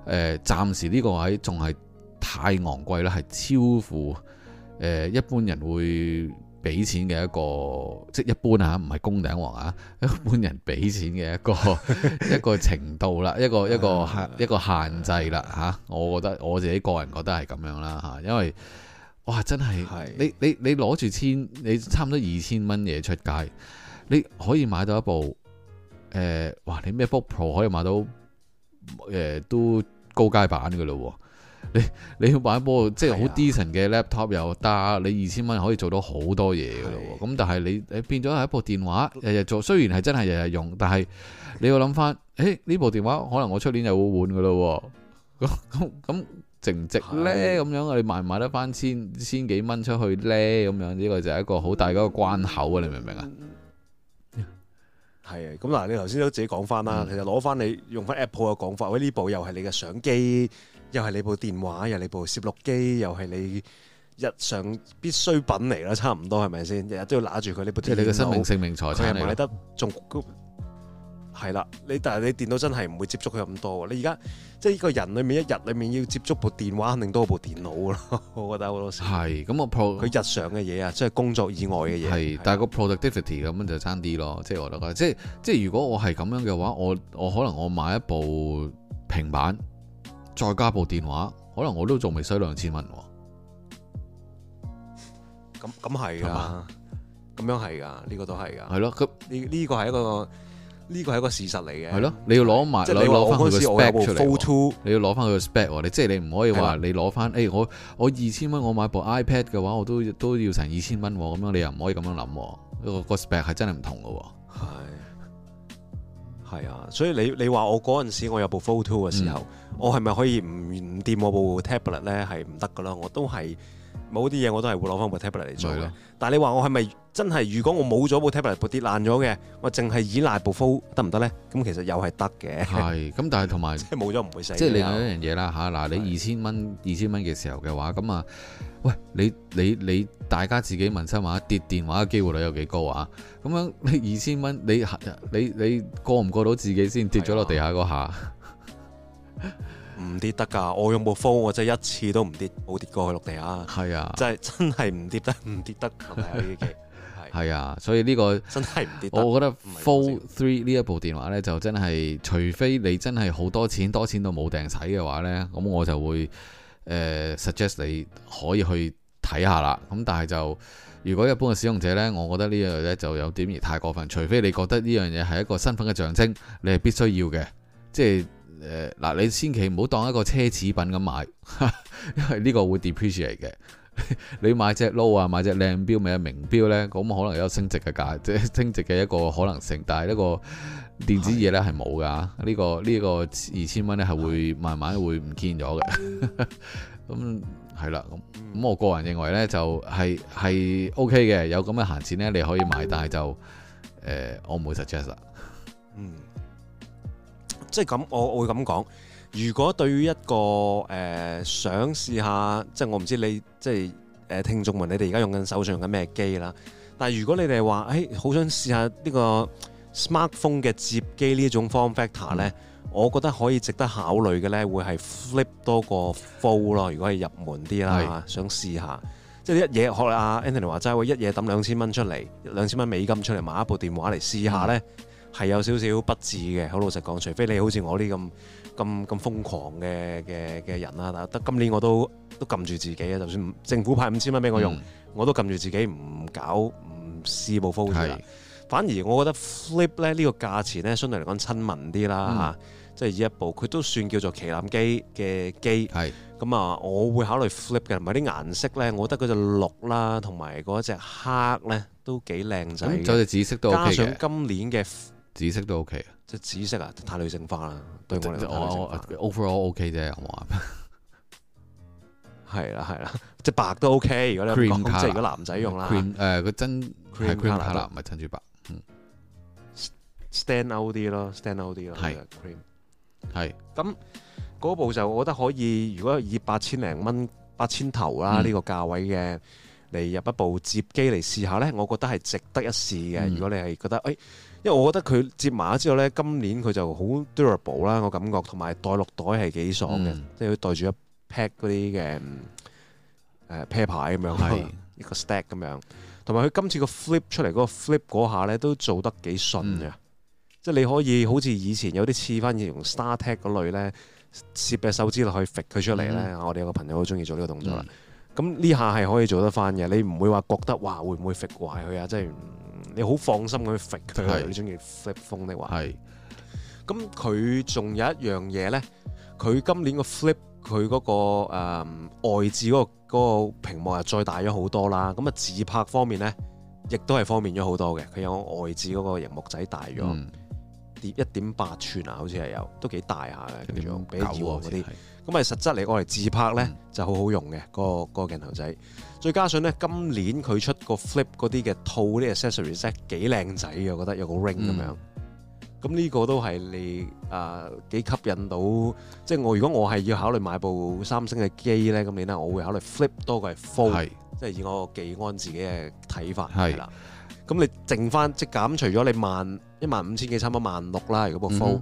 呃，暫時呢個位仲係太昂貴啦，係超乎誒、呃、一般人會俾錢嘅一個，即、就是、一般嚇、啊，唔係公頂王啊，一般人俾錢嘅一個 一個程度啦，一個一個限 一個限制啦嚇、啊，我覺得我自己個人覺得係咁樣啦嚇、啊，因為。哇！真係的你你你攞住千，你差唔多二千蚊嘢出街，你可以買到一部誒、呃，哇！你 MacBook Pro 可以買到誒、呃，都高階版噶啦、哦，你你要買一部即係好 decent 嘅 Laptop 又得，的你二千蚊可以做到好多嘢噶啦，咁的但係你你變咗係一部電話，日日做，雖然係真係日日用，但係你要諗翻，誒、欸、呢部電話可能我出年又會換噶啦，咁咁咁。正值咧，咁樣，我哋賣唔賣得翻千千幾蚊出去咧？咁樣呢個就係一個好大嗰個關口啊！嗯、你明唔明啊？係啊，咁嗱，你頭先都自己講翻啦。其實攞翻你用翻 Apple 嘅講法，喂，呢部又係你嘅相機，又係你部電話，又係你部攝錄機，又係你，又你，又你日常必需品嚟啦，差唔多係咪先？日日都要拿住佢呢部。即係你嘅生命、性命財產係買得仲係啦、啊，你但係你電腦真係唔會接觸佢咁多喎。你而家即係呢個人裏面一日裏面要接觸部電話，肯定多過部電腦咯。我覺得好多時係咁啊，佢日常嘅嘢啊，即係工作以外嘅嘢。係，但係個 productivity 咁樣就爭啲咯。即係我覺得，即係即係如果我係咁樣嘅話，我我可能我買一部平板，再加部電話，可能我都仲未使兩千蚊。咁咁係㗎，咁、啊、樣係㗎，呢個都係㗎。係咯，咁呢呢個係一個。呢個係一個事實嚟嘅，係咯，你要攞埋，就是、即係你話我嗰陣時我有部 Fold 2，你要攞翻佢嘅 Spec 喎，即係你唔可以話你攞翻，誒、哎、我我二千蚊我買部 iPad 嘅話，我都都要成二千蚊喎，咁樣你又唔可以咁樣諗，個個 Spec 係真係唔同嘅喎。係啊、啊，所以你你話我嗰陣時我有部 Fold 2嘅時候，嗯、我係咪可以唔唔掂我部 Tablet 咧？係唔得㗎喇，我都係。冇啲嘢我都係會攞翻部 tablet 嚟做嘅，了但係你話我係咪真係？如果我冇咗部 tablet 跌爛咗嘅，我淨係依賴部 phone 得唔得咧？咁其實又係得嘅。係，咁但係同埋即係冇咗唔會死。即係另外一樣嘢啦嚇，嗱、啊、的你二千蚊二千蚊嘅時候嘅話，咁啊喂你你你大家自己問心話跌電話嘅機會率有幾高啊？咁樣你二千蚊你你你，你過唔過到自己先跌咗落地下嗰下？唔跌得噶，我有冇 phone 我真係一次都唔跌，冇跌過落地下啊！係啊，真係真係唔跌得，唔跌得係咪啊，所以呢、呢個真係唔跌得。我覺得 Fold 3呢一部電話呢，就真係除非你真係好多錢，多錢到冇定使嘅話呢，咁我就會誒、呃、suggest 你可以去睇下啦。咁但係就如果一般嘅使用者呢，我覺得呢樣嘢就有點而太過分。除非你覺得呢樣嘢係一個身份嘅象徵，你係必須要嘅，即係。誒，嗱、呃，你千祈唔好當一個奢侈品咁買，因為呢個會 depreciate 嘅。 你買隻 Low 啊，買隻靚表，咪有名表呢？咁可能有升值嘅價，即係升值嘅一個可能性。但係呢個電子嘢呢係冇噶，呢的、呢個呢、呢個二千蚊呢係會慢慢會唔見咗嘅。咁係啦，咁我個人認為呢，就係、是、係 OK 嘅，有咁嘅閒錢呢，你可以買，但係就我唔會 suggest 啦。嗯即係咁，我我會咁講。如果對於一個誒、呃、想試下，即係我唔知你即係誒、呃、聽眾們，你哋而家用緊手上用緊咩機啦。但係如果你哋話誒好想試下呢個 smartphone 嘅折機呢種 form factor 咧、嗯，我覺得可以值得考慮嘅咧，會係 flip 多過 fold 咯。如果係入門啲啦，是想試下，即係一嘢學阿 Anthony 話齋，會一嘢抌兩千蚊出嚟，兩千蚊美金出嚟買一部電話嚟試下咧。嗯呢係有少少不智嘅，好老實講。除非你好似我呢咁咁咁瘋狂嘅嘅嘅人啦，但得今年我都都撳住自己啊，就算政府派五千蚊俾我用，嗯、我都撳住自己唔搞唔試冇 f 反而我覺得 flip 咧呢、這個價錢咧，相對嚟講親民啲啦嚇，嗯、即係以一部佢都算叫做旗艦機嘅機。咁啊是、嗯，我會考慮 flip 嘅，同埋啲顏色呢。我覺得嗰隻綠啦，同埋嗰隻黑呢都幾靚仔。咁仲、嗯、加上今年嘅紫色都 OK 嘅，即係紫色啊，太女性化啦，對我嚟講。Overall OK 啫，好冇。係啦係啦，即係白都 OK。如果你講即係如果男仔用啦，誒個真 cream colour 唔係珍珠白，stand out 啲咯，stand out 啲咯，係 cream，係咁嗰部就我覺得可以，如果以八千零蚊，八千頭啦呢個價位嘅嚟入一部接機嚟試下咧，我覺得係值得一試嘅。如果你係覺得誒。因為我覺得佢接埋之後呢，今年佢就好 durable 啦，我感覺同埋袋落袋係幾爽嘅，嗯、即係佢袋住一 pack 嗰啲嘅誒啤牌咁樣，一個 stack 咁樣，同埋佢今次個 flip 出嚟嗰個 flip 嗰下呢，都做得幾順嘅，嗯、即係你可以好似以前有啲似翻以前用 star tech 嗰類咧，攝隻手指落去可以揈佢出嚟呢。嗯、我哋有個朋友好中意做呢個動作，咁呢、嗯、下係可以做得翻嘅，你唔會話覺得哇會唔會揈壞佢啊？即係。你好放心咁揈佢，你中意 flip phone 的話，咁佢仲有一樣嘢咧，佢今年個 flip 佢嗰個誒外置嗰個嗰個屏幕又再大咗好多啦。咁啊自拍方面咧，亦都係方便咗好多嘅。佢有外置嗰個熒幕仔大咗，跌一點八寸啊，好似係有，都幾大下嘅叫做。比以往嗰啲，咁啊實質嚟愛嚟自拍咧、嗯、就好好用嘅，嗰個嗰個鏡頭仔。再加上咧，今年佢出個 Flip 嗰啲嘅套啲 accessories 咧幾靚仔嘅，我覺得有個 ring 咁樣。咁呢、嗯、個都係你啊幾、呃、吸引到。即係我如果我係要考慮買部三星嘅機咧，今年咧，我會考慮 Flip 多過係 Fold 即係以我幾安自己嘅睇法。係是。咁、嗯、你剩翻即係減除咗你萬一萬五千幾差唔多萬六啦，如果部 Fold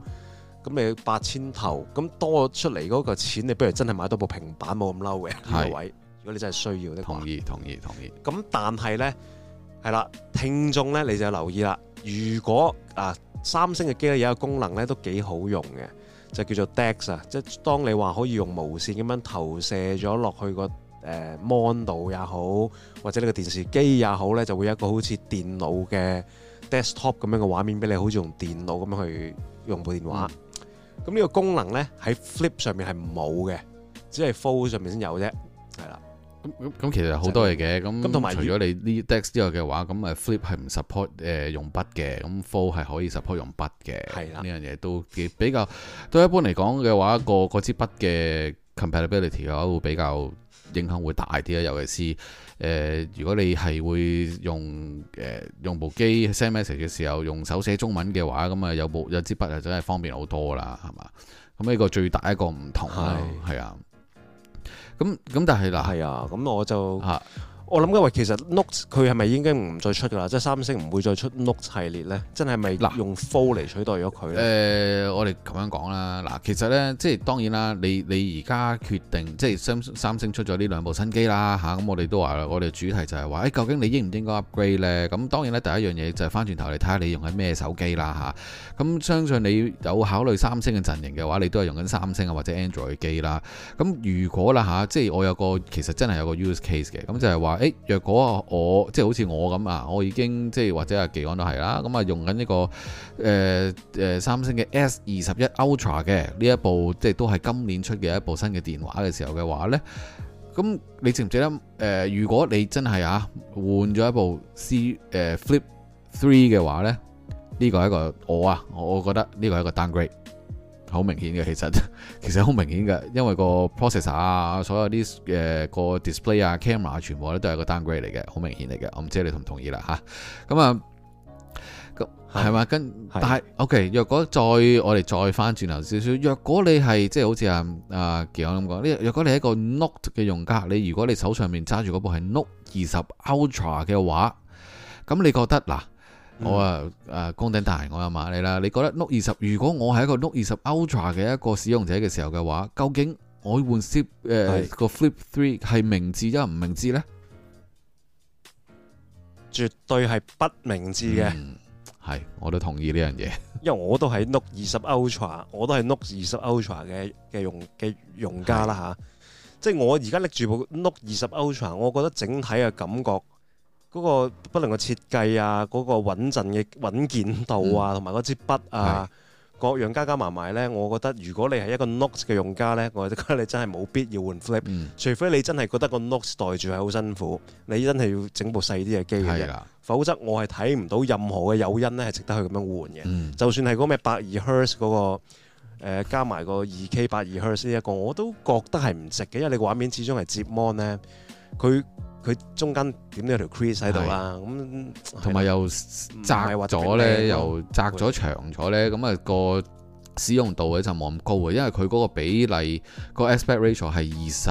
咁你八千頭，咁多出嚟嗰個錢，你不如真係買多部平板冇咁嬲嘅呢個位。的的如果你真係需要呢，同意同意同意。咁但係呢，係啦，聽眾呢，你就留意啦。如果啊，三星嘅機咧，有一個功能呢，都幾好用嘅，就叫做 Dex 啊。即係當你話可以用無線咁樣投射咗落去個誒 mon 度也好，或者呢個電視機也好呢，就會有一個好似電腦嘅 desktop 咁樣嘅畫面俾你，好似用電腦咁樣去用部電話。咁呢、嗯、個功能呢，喺 Flip 上面係冇嘅，只係 Fold 上面先有啫。係啦。咁其實好多嘢嘅，咁同埋除咗你呢 DeX 之外嘅話，咁啊 Flip 係唔 support 誒、呃、用筆嘅，咁 Fold 係可以 support 用筆嘅，係啊，呢樣嘢都幾比較，對一般嚟講嘅話，個支筆嘅 compatibility 嘅話會比較影響會大啲啦，尤其是誒、呃、如果你係會用誒、呃、用部機 send message 嘅時候用手寫中文嘅話，咁啊有部有支筆係真係方便好多啦，係嘛？咁呢個最大一個唔同啦，係啊的。咁咁，但係啦，係啊，咁我就吓。我諗因為，其實 Note 佢係咪已經唔再出噶啦？即係三星唔會再出 Note 系列咧，真係咪嗱用 Fold 嚟取代咗佢咧？我哋咁樣講啦。嗱，其實咧，即係當然啦。你你而家決定即係三,三星出咗呢兩部新機啦，嚇、啊、咁我哋都話，我哋主題就係話，哎、欸，究竟你應唔應該 upgrade 咧？咁當然咧，第一樣嘢就係翻轉頭嚟睇下你用緊咩手機啦，嚇、啊、咁相信你有考慮三星嘅陣營嘅話，你都係用緊三星啊或者 Android 機機啦。咁、啊、如果啦嚇、啊，即係我有個其實真係有個 use case 嘅，咁就係話。誒、哎，若果我即係好似我咁啊，我已經即係或者阿技安都係啦，咁啊用緊呢個誒誒、呃、三星嘅 S 二十一 Ultra 嘅呢一部，即係都係今年出嘅一部新嘅電話嘅時候嘅話呢。咁你值唔值得誒？如果你真係啊換咗一部 Z 誒、呃、Flip Three 嘅話呢，呢、這個係一個我啊，我覺得呢個係一個 downgrade。好明顯嘅，其實其實好明顯嘅，因為個 processor 啊，所有啲誒、呃、個 display 啊，camera 全部咧都係個 downgrade 嚟嘅，好明顯嚟嘅。我唔知你同唔同意啦吓？咁啊，咁係嘛？跟但係的 OK。若果再我哋再翻轉頭少少，若果你係即係好似啊啊傑安咁講，若果你係一個 Note 嘅用家，你如果你手上面揸住嗰部係 Note 二十 Ultra 嘅話，咁你覺得嗱？呃我、嗯、 啊，誒光頂大，我又媽你啦。你覺得 Note 二十，如果我係一個 Note 二十 Ultra 嘅一個使用者嘅時候嘅話，究竟我換攝誒個 Flip Three 係明智一唔明智呢？絕對係不明智嘅，係、嗯、我都同意呢樣嘢。因為我都係 Note 二十 Ultra，我都係 Note 二十 Ultra 嘅嘅用嘅用家啦吓是、啊？即係我而家拎住部 Note 二十 Ultra，我覺得整體嘅感覺。嗰個不能夠設計啊，嗰、那個穩陣嘅穩健度啊，同埋嗰支筆啊，是各樣加加埋埋呢。我覺得如果你係一個 Note 嘅用家呢，我覺得你真係冇必要換 Flip，、嗯、除非你真係覺得個 Note 袋住係好辛苦，你真係要整部細啲嘅機器，的否則我係睇唔到任何嘅誘因呢係值得去咁樣換嘅。嗯、就算係嗰咩百二 Hertz 嗰個、那個呃、加埋個二 K 百二 Hertz 呢一個，我都覺得係唔值嘅，因為你個畫面始終係摺 Mon 咧，佢。佢中間點都有條 crease 喺度啦、啊，咁同埋又窄咗咧，又窄咗長咗咧，咁啊個使用度咧就冇咁高啊，因為佢嗰個比例個 aspect ratio 係二十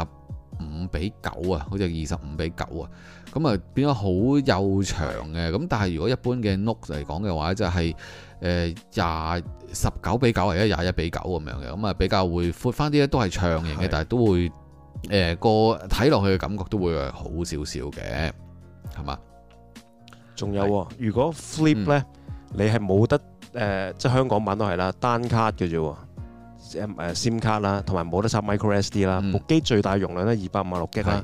五比九啊，好似二十五比九啊，咁啊變咗好幼長嘅，咁但係如果一般嘅 note 嚟講嘅話，就係誒廿十九比九或者廿一比九咁樣嘅，咁、呃、啊比較會闊翻啲咧，都係長型嘅，是但係都會。誒、欸，個睇落去嘅感覺都會好少少嘅，係嘛？仲有、啊，如果 flip 咧，嗯、你係冇得誒、呃，即係香港版都係啦，單卡嘅啫，誒 sim 卡啦，同埋冇得插 micro SD 啦，嗯、部機最大容量咧二百五十六 G 啦。GB, 是啊、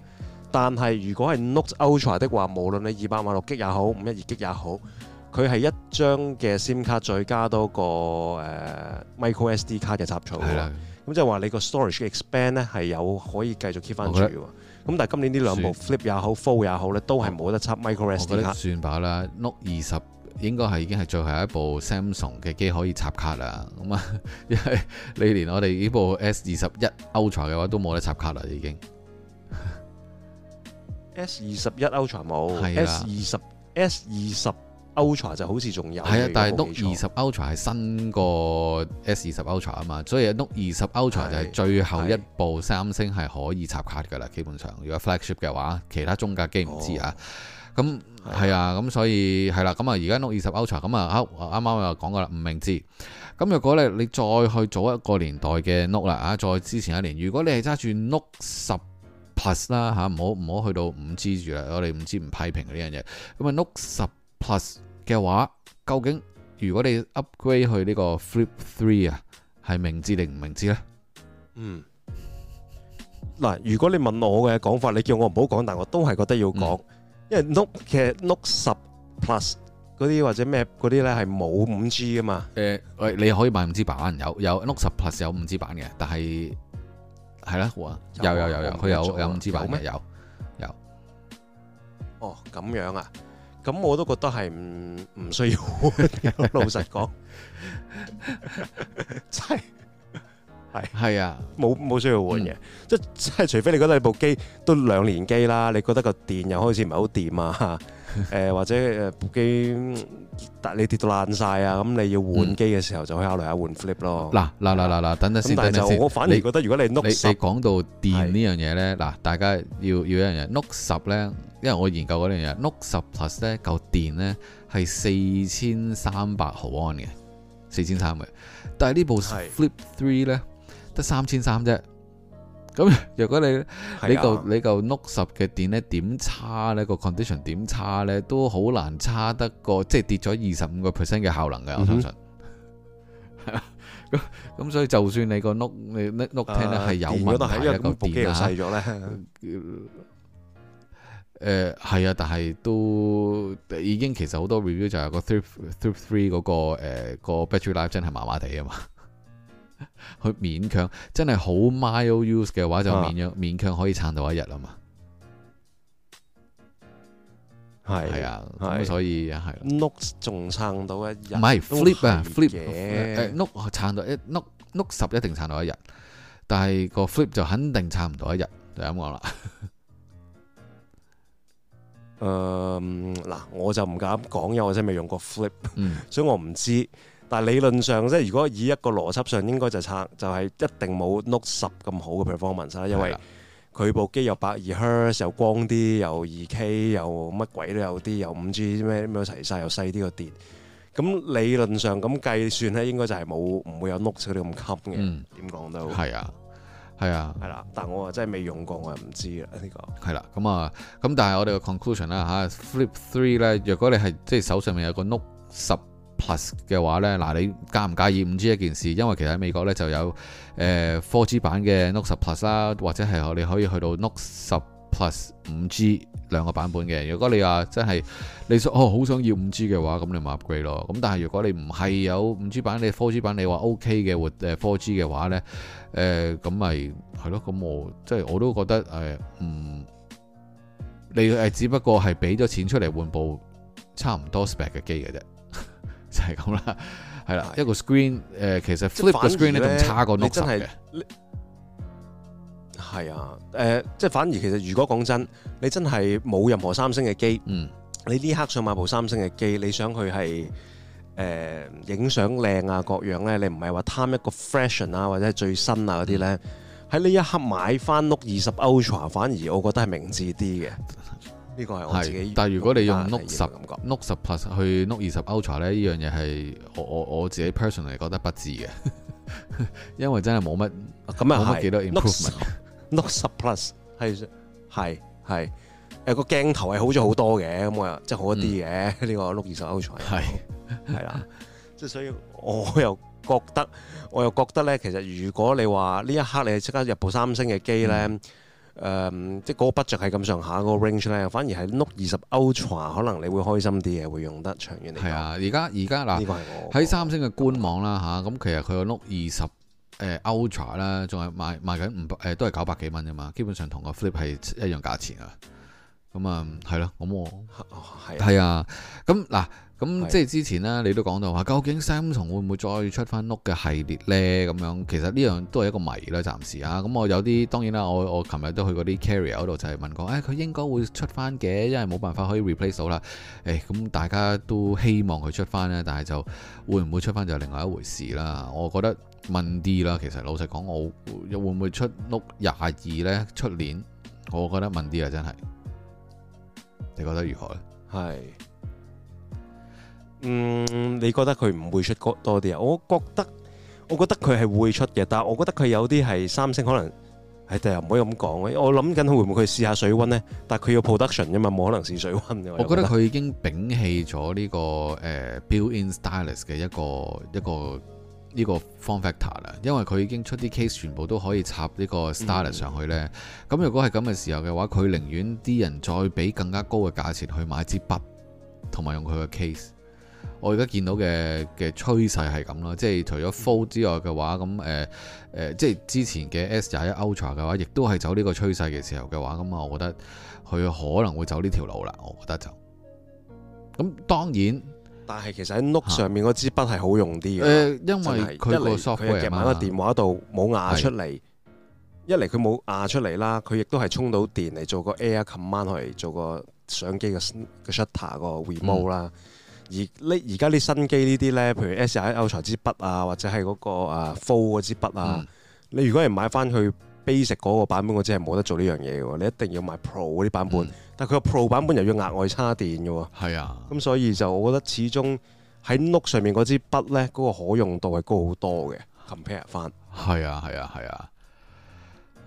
但係如果係 Note Ultra 的話，無論你二百五十六 G 也好，五一二 G 也好，佢係一張嘅 sim 卡再加多個誒、呃、micro SD 卡嘅插槽、啊。咁就係話你個 storage 嘅 expand 咧係有可以繼續 keep 翻住喎。咁但係今年呢兩部算 flip 也好 fold 也好咧，都係冇得插 microSD 卡。算吧啦 card，Note 二十應該係已經係最後一部 Samsung 嘅機可以插卡啦。咁啊，因為你連我哋呢部 S 二十一 Ultra 嘅話都冇得插卡啦，已經 S 二十一 Ultra 冇 S 二十的 S 二十。Ultra 就好似仲有，係啊的，但係 Note 二十 Ultra 係新個 S 二十 Ultra 啊嘛，所以 Note 二十 Ultra 是的 就係最後一部三星係可以插卡噶啦，基本上如果 Flagship 嘅話，其他中價機唔知啊，咁係啊，咁的所以係啦，咁啊而家 Note 二十 Ultra 咁啊，啱啱又講過啦，唔明知。咁若果你你再去早一個年代嘅 Note 啦啊，再之前一年，如果你係揸住 Note 十 Plus 啦吓，唔好唔好去到五 G 住啦，我哋五 G 唔批評呢樣嘢，咁啊 Note 十。Plus 嘅話，究竟如果你 upgrade 去呢個 Flip Three 啊，係明智定唔明智咧？嗯，嗱，如果你問我嘅講法，你叫我唔好講，但我都係覺得要講，嗯、因為 Note 其實 Note 十 Plus 嗰啲或者咩嗰啲咧係冇五 G 啊嘛。誒，喂，你可以買五 G 版，有有,有 Note 十 Plus 有五 G 版嘅，但係係啦，好啊就有，有有有有，佢有有五 G 版嘅嗎，有有。哦，咁樣啊。咁我都覺得係唔唔需要換， 老實講，係係係啊，冇冇需要換嘅，嗯、即即係除非你覺得你部機都兩年機啦，你覺得個電又開始唔係好掂啊～誒、 呃、或者誒部機但你跌到爛晒啊，咁、嗯、你、嗯、要換機嘅時候就可以考慮下換 Flip 咯。嗱嗱嗱嗱，等等先等等先。但就我反而覺得如果你 note，你講到電呢樣嘢咧，嗱是大家要要一樣嘢 note 十咧，因為我研究嗰樣嘢 note 十 plus 咧，嚿電咧係四千三百毫安嘅，四千三嘅，但係呢部 Flip Three 咧得三是千三啫。咁若 果你、啊、你嚿你嚿 Note 十嘅電咧點差咧、呢個 condition 點差咧都好難差得過即係跌咗二十五個 percent 嘅效能嘅，我相信，係咁咁所以就算你個 Note 你 Note ten 係有問題嘅嚿電吓，誒係、呃 呃、啊，但係都已經其實好多 review 就係、是、個 three three three 嗰個、呃3 3那個 battery life、呃、真係麻麻地啊嘛。 去勉強真係好 mile use 嘅話就勉強勉強可以撐到一日啦嘛，係係啊，所以係 look 仲撐到一日，唔係 flip 啊 flip 誒 look 撐到一 l o 十一定撐到一日，但係個 flip 就肯定撐唔到一日，就咁講啦。誒、呃，嗱、呃，我就唔敢講，因為我真係未用過 flip，所以我、嗯、唔知。 但理論上即係如果以一個邏輯上應該就係拆，就係一定冇 Note 十咁好嘅 performance 啦，因為佢部機又百二赫又光啲，又二 K 又乜鬼都有啲，又五 G 咩咁樣齊晒，又細啲個電。咁理論上咁計算咧，應該就係冇唔會有 Note 十咁級嘅。點講、嗯、都係啊，係啊，係啦、啊。但我啊真係未用過，我又唔知啊呢、呢個。係啦，咁啊，咁但係我哋嘅 conclusion 啦嚇，Flip Three 咧，若果你係即係手上面有個 Note 十。Plus 嘅話咧，嗱，你介唔介意五 G 一件事？因為其實喺美國咧就有誒 4G 版嘅 Note 十 Plus 啦，或者係可你可以去到 Note 十 Plus 五 G 兩個版本嘅。如果你話真係你想哦好想要五 G 嘅話，咁你咪 upgrade 咯。咁但係如果你唔係有五 G 版，你 4G 版你話 OK 嘅活誒 4G 嘅話咧，誒咁咪係咯。咁我即係我都覺得誒唔、嗯、你誒，只不過係俾咗錢出嚟換部差唔多 spec 嘅機嘅啫。就係咁啦，係啦，一個 screen 誒，其實 flip 嘅 screen 咧仲差過六十嘅，你真係係啊的，誒、呃，即係反而其實如果講真，你真係冇任何三星嘅機，嗯，你呢刻想買部三星嘅機，你想佢係誒影相靚啊各樣咧，你唔係話貪一個 fashion 啊或者最新啊嗰啲咧，喺呢一刻買翻碌二十 Ultra，反而我覺得係明智啲嘅。呢個係我自己，但係如果你用 Note 十、Note 十 Plus 去 Note 二十 Ultra 咧，依樣嘢係我我我自己 personally 覺得不智嘅， 因為真係冇乜咁啊，冇乜幾多 improvement。Note 十 Plus 係係係誒個鏡頭係好咗、嗯、好多嘅，咁我又即係好一啲嘅呢個 Note 二十 Ultra 係，係啦，即係所以我又覺得我又覺得咧，其實如果你話呢一刻你係即刻入部三星嘅機咧。嗯誒、嗯，即係嗰個 budget 係咁上下，嗰個 range 咧，反而係 Note 二十 Ultra 可能你會開心啲嘅，會用得長遠啲。係啊，而家而家嗱，呢個係我喺三星嘅官網啦嚇，咁其實佢個 Note 二十誒 Ultra 咧，仲係賣賣緊五百誒，都係九百幾蚊啫嘛，基本上同個 Flip 係一樣價錢啊。咁啊，係咯，咁我係啊，咁嗱、哦。的咁、嗯、是的 即係之前呢，你都講到話，究竟 Samsung 會唔會再出翻 Note 嘅系列呢？咁樣其實呢樣都係一個謎啦，暫時啊。咁、嗯、我有啲當然啦，我我琴日都去嗰啲 Carrier 嗰度就係問過，誒、哎、佢應該會出翻嘅，因為冇辦法可以 replace 到啦。誒、哎、咁、嗯、大家都希望佢出翻呢，但係就會唔會出翻就係、另外一回事啦。我覺得問啲啦，其實老實講，我會唔會出 Note 廿二呢？出年？我覺得問啲啊，真係，你覺得如何呢？係。嗯，你覺得佢唔會出多啲啊？我覺得我覺得佢係會出嘅，但係我覺得佢有啲係三星可能係第日唔可以咁講。我諗緊會唔會佢試下水溫呢？但係佢要 production 㗎嘛，冇可能試水溫㗎。我覺得佢已經摒棄咗呢、這個誒、 uh, built-in stylus 嘅一個一個呢個 form factor 啦，因為佢已經出啲 case 全部都可以插呢個 stylus 上去呢。咁、嗯、如果係咁嘅時候嘅話，佢寧願啲人再俾更加高嘅價錢去買支筆，同埋用佢嘅 case。我而家見到嘅嘅趨勢係咁啦，即係除咗 Fold 之外嘅話，咁誒誒，即係之前嘅 S 廿一 Ultra 嘅話，亦都係走呢個趨勢嘅時候嘅話，咁我覺得佢可能會走呢條路啦，我覺得就咁。當然，但係其實喺 Note 上面嗰支筆係好用啲嘅、呃，因為，因為佢一路索夾埋個電話度冇壓出嚟，的一嚟佢冇壓出嚟啦，佢亦都係充到電嚟做個 Air Command 去做個相機嘅嘅 shutter 個 remote 啦、嗯。而呢而家啲新機呢啲呢，譬如 S10 Ultra 支筆啊，或者係嗰個啊 Fold 嗰支筆啊，嗯、你如果係買翻去 basic 嗰個版本，我真係冇得做呢樣嘢嘅喎。你一定要買 Pro 嗰啲版本，嗯、但係佢個 Pro 版本又要額外插電嘅喎。係啊，咁所以就我覺得始終喺 note 上面嗰支筆呢，嗰、那個可用度係高好多嘅 compare 翻。係啊，係啊，係啊。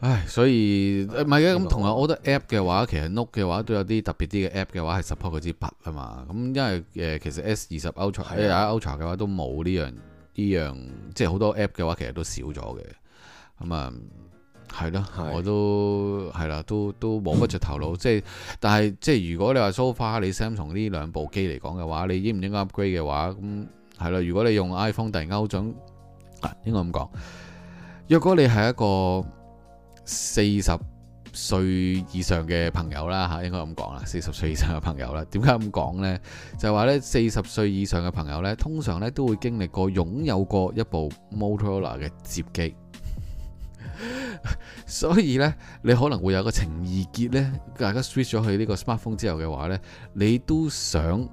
唉，所以唔係嘅，咁同埋，我得、嗯、app 嘅話，嗯、其實 note 嘅話都有啲特別啲嘅 app 嘅話係 support 嗰支筆啊嘛。咁因為誒、呃，其實 S 二十 Ultra，誒的、哎、，Ultra 嘅話都冇呢樣呢樣，即係好多 app 嘅話其實都少咗嘅。咁啊，係咯，的我都係啦，都都冇乜着頭腦。 即係，但係即係如果你話 so far 你 sam 從呢兩部機嚟講嘅話，你應唔應該 upgrade 嘅話？咁係咯，如果你用 iPhone 第歐准啊，應該咁講。若果你係一個。四十歲以上嘅朋友啦，嚇應該咁講啦。四十歲以上嘅朋友啦，點解咁講呢？就係話呢，四十歲以上嘅朋友呢，通常呢都會經歷過擁有過一部 Motorola 嘅摺機， 所以呢，你可能會有個情意結呢。大家 switch 咗去呢個 smartphone 之後嘅話呢，你都想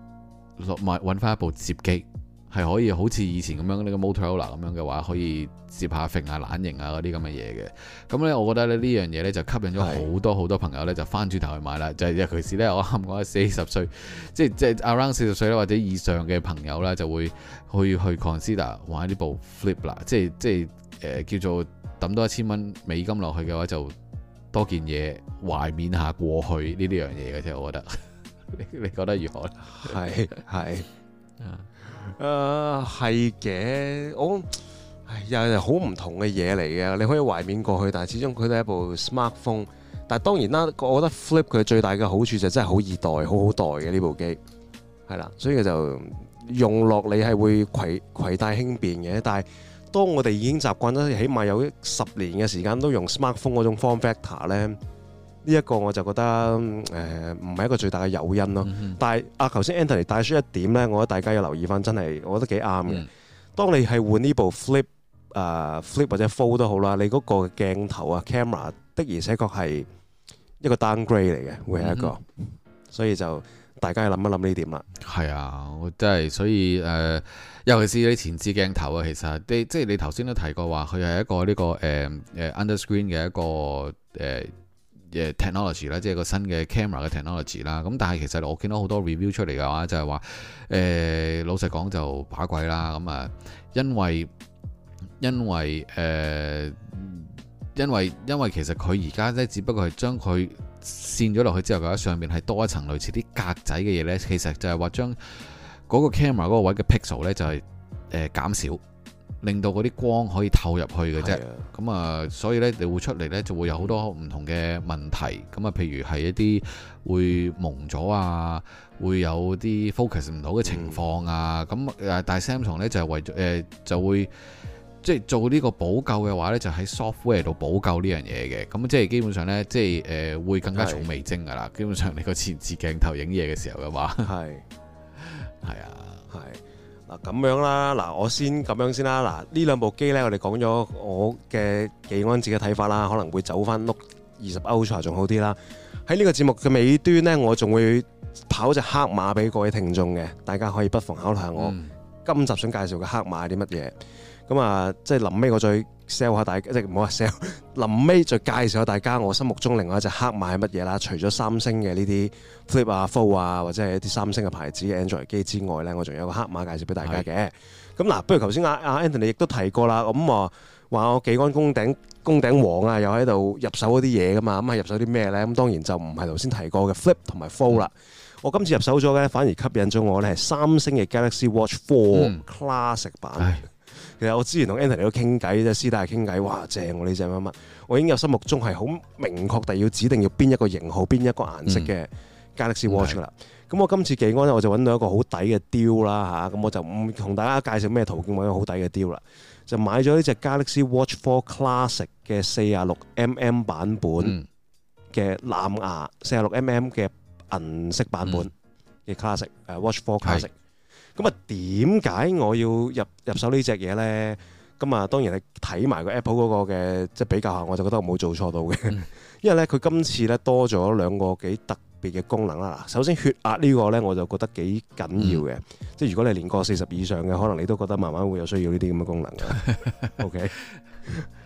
落埋揾翻一部摺機。係可以好似以前咁樣呢個 Motorola 咁樣嘅話，可以接下揈下懶型啊，嗰啲咁嘅嘢嘅。咁咧，我覺得咧呢樣嘢咧就吸引咗好多好多朋友咧就翻轉頭去買啦。的就尤其是咧，我啱講四十歲，即係即係 around 四十歲咧或者以上嘅朋友啦，就會去去 consider 玩呢部 Flip 啦。即係即係誒、呃、叫做抌多一千蚊美金落去嘅話，就多件嘢懷緬下過去呢啲樣嘢嘅啫。我覺得， 你覺得如何？係係的 誒，係嘅、uh，我又係好唔同嘅嘢嚟嘅。你可以懷緬過去，但係始終佢都係一部 smartphone。但係當然啦，我覺得 Flip 佢最大嘅好處就是，真係好易袋，好好袋嘅呢部機係啦。所以就用落你係會携携帶輕便嘅。但係當我哋已經習慣咗，起碼有十年嘅時間都用 smartphone 嗰種 form factor 咧。呢一個我就覺得誒唔係一個最大嘅誘因咯。嗯、哼但係啊，頭先 Anthony 帶出一點咧，我覺得大家要留意翻，真係我覺得幾啱嘅。嗯、當你係換呢部 Flip 啊、uh, Flip 或者 Fold 都好啦，你嗰個鏡頭啊 camera 的而且確係一個 downgrade 嚟嘅，會係一個，嗯、哼所以就大家要諗一諗呢點啦。係啊，我真係所以誒、呃，尤其是啲前置鏡頭啊，其實即係你頭先都提過話，佢係一個呢、這個誒誒、呃、under screen 嘅一個誒。呃誒 technology 啦，即係個新嘅 camera 嘅 technology 啦。咁但係其實我見到好多 review 出嚟嘅話，就係話誒老實講就把鬼啦。咁、嗯、啊，因為因為誒、呃、因為因為其實佢而家咧，只不過係將佢線咗落去之後，佢喺上面係多一層類似啲格仔嘅嘢呢。其實就係話將嗰個 camera 嗰個位嘅 pixel 呢，就係誒減少。令到嗰啲光可以透入去嘅啫，咁啊的、嗯，所以呢，你會出嚟、嗯嗯、呢，就會有好多唔同嘅問題，咁啊，譬如係一啲會蒙咗啊，會有啲 focus 唔到嘅情況啊，咁但係 Samsung 呢，就係為咗誒就會即係做呢個補救嘅話呢，就喺 software 度補救呢樣嘢嘅，咁、嗯、即係基本上呢，即係誒、呃、會更加重微精噶啦，的基本上你個前置鏡頭影嘢嘅時候嘅話，係係啊，係 的。的啊，咁樣啦，嗱我先咁樣先啦，嗱呢兩部機呢，我哋講咗我嘅幾安子嘅睇法啦，可能會走翻碌二十歐以仲好啲啦。喺呢個節目嘅尾端呢，我仲會跑隻黑馬俾各位聽眾嘅，大家可以不妨考慮下我今集想介紹嘅黑馬係啲乜嘢。嗯咁啊，即係臨尾我再 sell 下大家，即係唔好話 sell，臨尾再介紹下大家我心目中另外一隻黑馬係乜嘢啦？除咗三星嘅呢啲 flip 啊、fold 啊，或者係一啲三星嘅牌子嘅 Android 機之外咧，我仲有個黑馬介紹俾大家嘅。咁嗱，不如頭先阿阿 Anthony 亦都提過啦，咁啊，話我幾安宮頂宮頂王啊，又喺度入手嗰啲嘢噶嘛，咁啊，入手啲咩咧？咁當然就唔係頭先提過嘅 flip 同埋 fold 啦，我今次入手咗嘅，反而吸引咗我咧係三星嘅 Galaxy Watch Four Classic 版。其實我之前同 Annie 嚟都傾偈，即師大傾偈，哇正喎呢隻乜乜，我已經有心目中係好明確地要指定要邊一個型號，邊一個顏色嘅 Galaxy Watch 啦。咁、嗯嗯、我今次寄安咧，我就揾到一個好抵嘅雕啦嚇，咁、啊、我就唔同大家介紹咩途徑揾到好抵嘅雕啦，就買咗呢隻 Galaxy Watch Four Classic 嘅四廿六 mm 版本嘅藍牙四廿六 mm 嘅銀色版本嘅 Classic、嗯 uh, Watch Four Classic。咁啊，點解我要入入手呢隻嘢呢？咁啊，當然你睇埋 App 個 Apple 嗰個嘅即係比較下，我就覺得我冇做錯到嘅。 因為呢，佢今次咧多咗兩個幾特別嘅功能啦。首先，血壓呢個呢，我就覺得幾緊要嘅。嗯、即係如果你年過四十以上嘅，可能你都覺得慢慢會有需要呢啲咁嘅功能嘅。OK，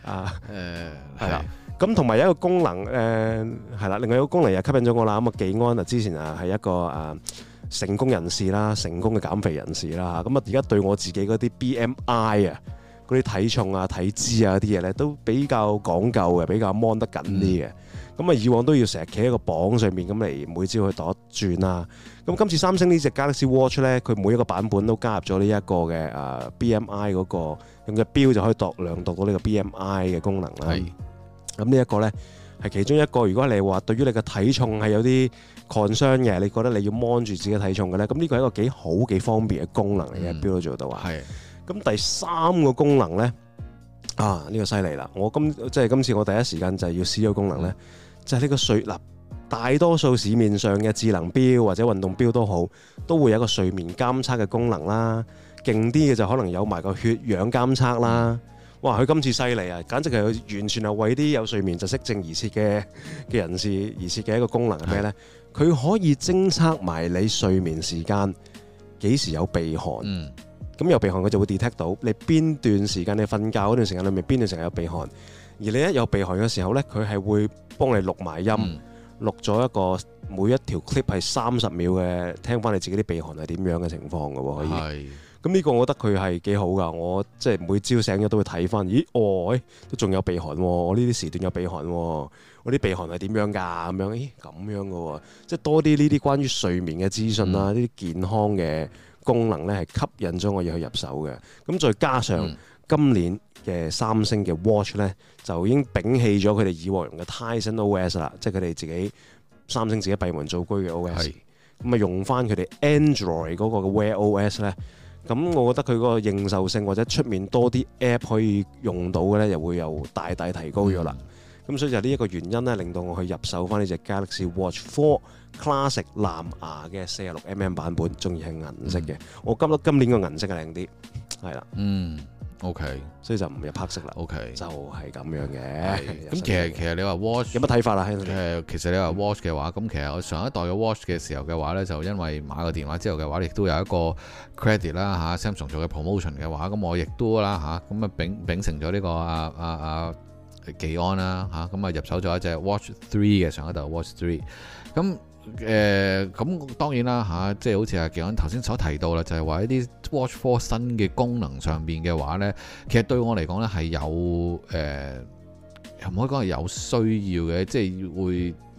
啊，誒，係啦。咁同埋有一個功能，誒，係啦。另外一個功能又吸引咗我啦。咁啊，技安啊，之前啊係一個啊。Uh, 成功人士啦，成功嘅減肥人士啦，咁啊而家對我自己嗰啲 BMI 啊，嗰啲體重啊、體脂啊啲嘢咧，都比較講究嘅，比較 mon 得緊啲嘅。咁啊、嗯、以往都要成日企喺個榜上面咁嚟每朝去度一轉啦。咁今次三星呢隻 Galaxy Watch 咧，佢每一個版本都加入咗呢一個嘅啊 BMI 嗰、嗰個用嘅錶就可以度量度到呢個 BMI 嘅功能啦。咁呢一個咧係其中一個，如果你話對於你嘅體重係有啲。控傷嘅，你覺得你要望住自己體重嘅咧？咁呢個係一個幾好幾方便嘅功能嚟嘅，表都做到啊！係、嗯。咁第三個功能咧，啊呢、呢個犀利啦！我今即係今次我第一時間就係要試個功能咧，嗯、就係呢、呢個睡嗱，大多數市面上嘅智能表或者運動表都好，都會有一個睡眠監測嘅功能啦。勁啲嘅就可能有埋個血氧監測啦。哇！佢今次犀利啊，簡直係佢完全係為啲有睡眠窒息症而設嘅嘅人士而設嘅一個功能係咩咧？嗯。佢可以偵測埋你睡眠時間，幾時有鼻鼾。咁、嗯、有鼻鼾，佢就會 detect 到你邊段時間你瞓覺段時間裏面邊段時間有鼻鼾。而你一有鼻鼾嘅時候呢，佢係會幫你錄埋音，嗯、錄咗一個每一條 clip 係三十秒嘅，聽翻你自己啲鼻鼾係點樣嘅情況嘅喎，可以。咁呢是個我覺得佢係幾好噶，我即係每朝醒咗都會睇翻，咦，哦，都仲有鼻鼾，我呢啲時段有鼻鼾。嗰啲鼻鼾係點樣㗎？咁樣，咦，咁樣噶喎、啊，即係多啲呢啲關於睡眠嘅資訊啦、啊，呢啲、嗯、健康嘅功能咧，係吸引咗我要去入手嘅。咁再加上、嗯、今年嘅三星嘅 Watch 咧，就已經摒棄咗佢哋以往用嘅 Tizen OS 啦，即係佢哋自己三星自己閉門造車嘅 OS。咁啊是，用翻佢哋 Android 嗰個嘅 Wear OS 咧，咁我覺得佢嗰個認受性或者出面多啲 app 可以用到嘅咧，又會又大大提高咗啦。嗯咁所以就呢一個原因咧，令到我去入手翻呢隻 Galaxy Watch 4 Classic 藍牙嘅四十六 mm 版本，鍾意係銀色嘅。嗯、我覺得今年個銀色係靚啲，係啦。嗯，OK，所以就唔入黑色啦。OK，就係咁樣嘅。咁、嗯、的其實其實你話 watch 有乜睇法啊？其實你話 watch 嘅話，咁其實我上一代嘅 watch 嘅時候嘅話咧，就因為買個電話之後嘅話，亦都有一個 credit 啦、啊、嚇 Samsung 做嘅 promotion 嘅話，咁我亦都啦吓，咁啊秉秉承咗呢個啊啊啊～啊啊啊啊啊啊技安啦嚇，咁啊、嗯、入手咗一隻 Watch Three 嘅上一頭 Watch Three，咁誒咁當然啦嚇，即、啊、係、就係、好似阿技安頭先所提到啦，就係、是、話一啲 Watch Four 新嘅功能上邊嘅話咧，其實對我嚟講咧係有誒，唔、呃、可以講係有需要嘅，即、就、係、是、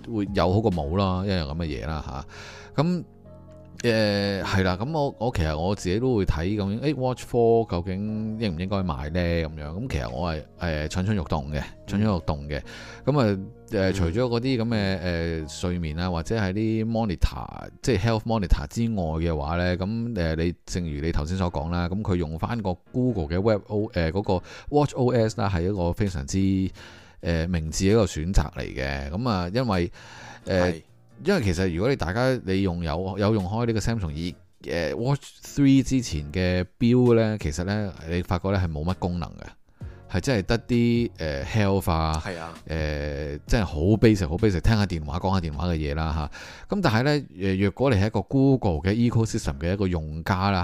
會會有好過冇啦一樣咁嘅嘢啦嚇，咁、啊。嗯誒係啦，咁、嗯、我我其實我自己都會睇咁，誒 Watch Four 究竟應唔應該買呢？咁樣咁其實我係誒蠢蠢欲動嘅，蠢蠢欲動嘅。咁啊誒，除咗嗰啲咁嘅誒睡眠啊，或者係啲 monitor，即係 health monitor 之外嘅話呢，咁誒你正如你頭先所講啦，咁佢用翻個 Google 嘅 Web O 誒、呃、嗰、那個 Watch OS 啦，係一個非常之誒明智嘅一個選擇嚟嘅。咁啊，因為誒。呃因為其實如果你大家你用有有用開呢個 Samsung 二、e、誒 Watch Three 之前嘅表咧，其實咧你發覺咧係冇乜功能嘅。係真係得啲誒 health 啊，誒、啊呃、真係好 basic，好 basic，聽下電話，講下電話嘅嘢啦嚇。咁、啊、但係呢，誒若果你係一個 Google 嘅 Ecosystem 嘅一個用家啦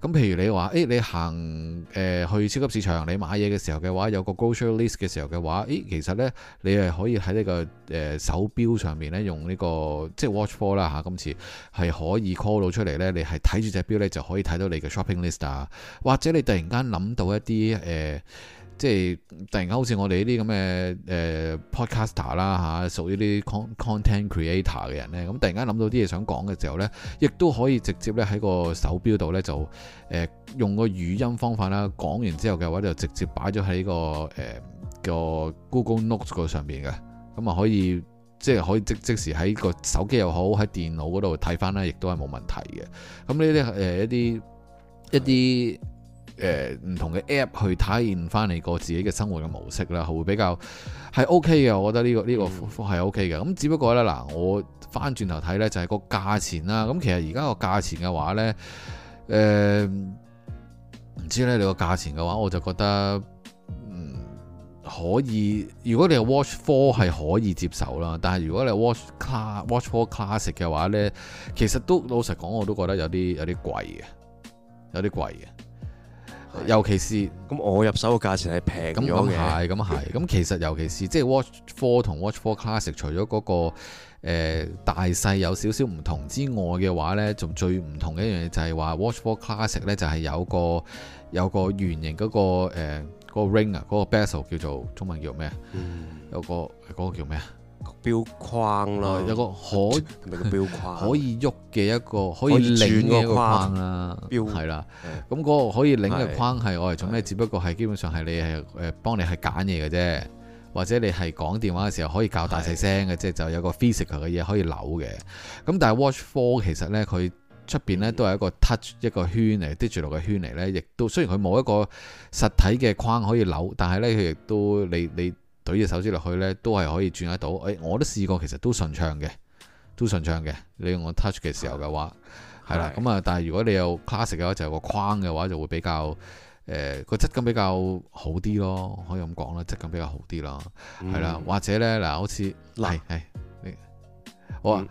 嚇，咁、啊、譬如你話，誒你行誒、呃、去超級市場，你買嘢嘅時候嘅話，有個 Grocery List 嘅時候嘅話，誒其實呢，你係可以喺呢個誒手錶上面呢用呢、這個即係 Watch 4啦嚇、啊，今次係可以 call 到出嚟呢，你係睇住隻錶呢就可以睇到你嘅 Shopping List 啊，或者你突然間諗到一啲誒。呃呃即係突然間，好似我哋呢啲咁嘅、呃、誒 podcaster 啦嚇、啊，屬於啲 content creator 嘅人咧，咁、嗯、突然間諗到啲嘢想講嘅時候呢，亦都可以直接咧喺個手錶度呢，就誒、呃、用個語音方法啦講完之後嘅話，就直接擺咗喺個誒個、呃、Google Notes 個上面嘅，咁、嗯、啊可以即係可以即即時喺個手機又好喺電腦嗰度睇翻啦，亦都係冇問題嘅。咁呢啲誒一啲一啲。一誒，唔、呃、同嘅 app 去體驗翻你個自己嘅生活嘅模式啦，會比較係 OK 嘅。我覺得呢、呢個呢、呢個係、嗯、OK 嘅。咁只不過呢，嗱，我翻轉頭睇呢，就係、是、個價錢啦。咁、嗯、其實而家個價錢嘅話呢，誒、呃，唔知呢你個價錢嘅話，我就覺得，嗯，可以。如果你係 Watch Four 係可以接受啦，但係如果你 Watch Class Watch Four Classic 嘅話呢，其實都老實講，我都覺得有啲有啲貴嘅，有啲貴嘅。尤其是咁我入手嘅價錢係平咗嘅，咁咁係，咁係，咁 其實尤其是即係 Watch Four 同 Watch Four Classic，除咗嗰個、呃、大細有少少唔同之外嘅話呢，仲最唔同嘅一樣嘢就係話 Watch Four Classic 呢，就係有個有個圓形嗰個誒嗰個 ring 啊嗰個 bezel 叫做中文叫咩，嗯、有個嗰個叫咩標框啦，有個可同埋個標框可以喐嘅一，個可，一個，可個，個可以擰嘅一個框啦，係啦的。咁嗰個可以擰嘅框係我哋講咧，只不過係基本上係你係誒幫你去揀嘢嘅啫，或者你係講電話嘅時候可以教大細聲嘅，啫的，就有個 physical 嘅嘢可以扭嘅。咁但係 Watch Four 其實呢，佢出邊呢都係一個 touch 一個圈嚟，digital 嘅圈嚟呢，亦都雖然佢冇一個實體嘅框可以扭，但係呢，佢亦都你你。你你你懟隻手指落去呢，都係可以轉得到。誒、欸，我都試過，其實都順暢嘅，都順暢嘅。你用我 touch 嘅時候嘅話，係啦的。咁啊的，但係如果你有 classic 嘅話，就有個框嘅話就會比較，誒、呃，個質感比較好啲咯，可以咁講啦，質感比較好啲咯，係啦、嗯。或者呢，嗱，好似嚟，係、啊，你我。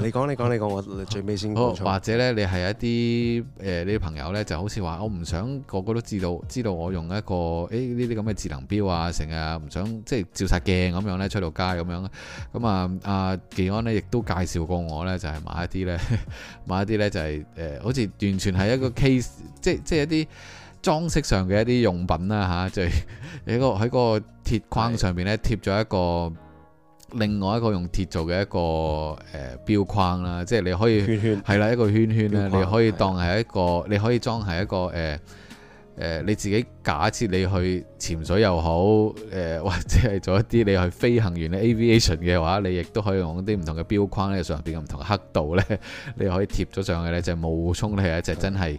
你講你講你講，我最尾先講。或者咧，你係一啲誒、呃，你啲朋友咧，就好似話，我唔想個個都知道，知道我用一個誒呢啲咁嘅智能錶啊，成日唔想即係照晒鏡咁樣咧，出到街咁樣。咁、嗯、啊，阿健安咧，亦都介紹過我咧，就係、是、買一啲咧，買一啲咧、就是，就係誒，好似完全係一個 case，即係即係一啲裝飾上嘅一啲用品啦吓，就係喺個喺嗰個鐵框上邊咧貼咗一個。另外一個用鐵做嘅一個誒錶框啦，即係你可以係啦一個圈圈咧，你可以當係一個你可以裝係一個誒誒，你自己假設你去潛水又好誒，或者係做一啲你去飛行員嘅 aviation 嘅話，你亦都可以用一啲唔同嘅錶框咧，上邊唔同嘅刻度咧，你可以貼咗上去咧，就冒充你係一隻真係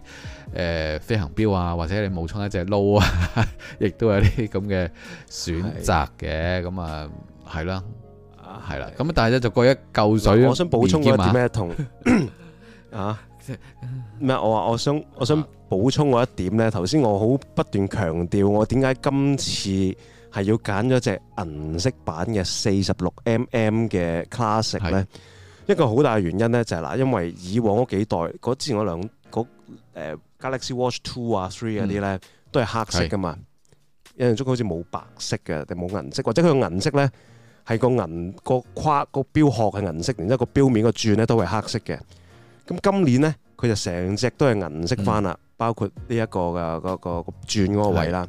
誒飛行錶啊，或者你冒充一隻勞啊，亦都有啲咁嘅選擇嘅。咁啊，係啦。係啦，咁但係咧就過一嚿水我想補充嗰點咩同 啊咩？我話我想我想補充我一點咧。頭先我好不斷強調我點解今次係要揀咗隻銀色版嘅四十六 mm 嘅 classic 咧。的一個好大嘅原因咧就係嗱，因為以往嗰幾代嗰之前嗰兩誒 Galaxy Watch Two 啊 Three 嗰啲咧都係黑色噶嘛，一中的好似冇白色嘅定冇銀色，或者佢銀色咧。係個銀個框個錶殼係銀色，然之後個錶面個鑽咧都係黑色嘅。咁今年呢，佢就成隻都係銀色翻啦，嗯、包括呢、這、一個嘅嗰、那個那個那個鑽嗰個位啦。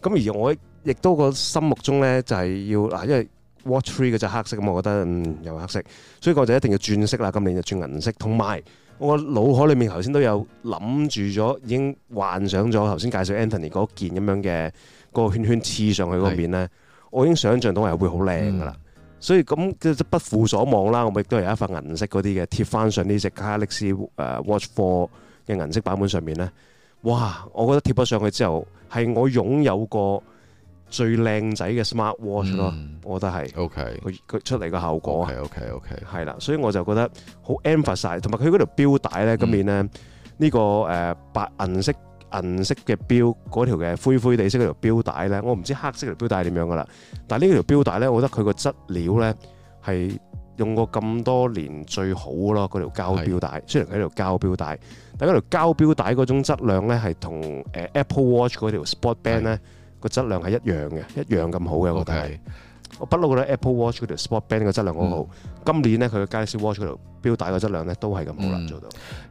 咁是而我亦都個心目中呢，就係、是、要嗱、啊，因為 Watch Three 隻黑色咁，我覺得嗯又黑色，所以我就一定要轉色啦。今年就轉銀色，同埋我腦海裡面頭先都有諗住咗，已經幻想咗頭先介紹 Anthony 嗰件咁樣嘅嗰、那個圈圈黐上去嗰邊咧。是我已經想象到係會好靚噶啦，嗯、所以咁即係不負所望啦。我亦都係有一份銀色嗰啲嘅貼翻上呢隻 Galaxy 誒 Watch Four 嘅銀色版本上面咧，哇！我覺得貼咗上去之後係我擁有過最靚仔嘅 Smart Watch 咯，嗯、我覺得係 OK。佢佢出嚟嘅效果 OK OK 係、okay，啦，所以我就覺得好 emphasize，同埋佢嗰條表帶咧，咁面咧呢個誒白銀色。銀色嘅錶嗰條嘅灰灰地色嗰條錶帶咧，我唔知黑色條錶帶點樣噶啦。但係呢條錶帶咧，我覺得佢個質料咧係用過咁多年最好咯。嗰條膠錶帶的雖然係條膠錶帶，但係嗰條膠錶帶嗰種質量咧係同誒 Apple Watch 嗰條 Sport Band 咧個質量係一樣嘅，的一樣咁好嘅 Okay。我覺得係，我不嬲覺得 Apple Watch 嗰條 Sport Band 個質量好好。嗯、今年咧佢 Galaxy Watch 嗰條錶帶個質量咧都係咁好啦，做到。嗯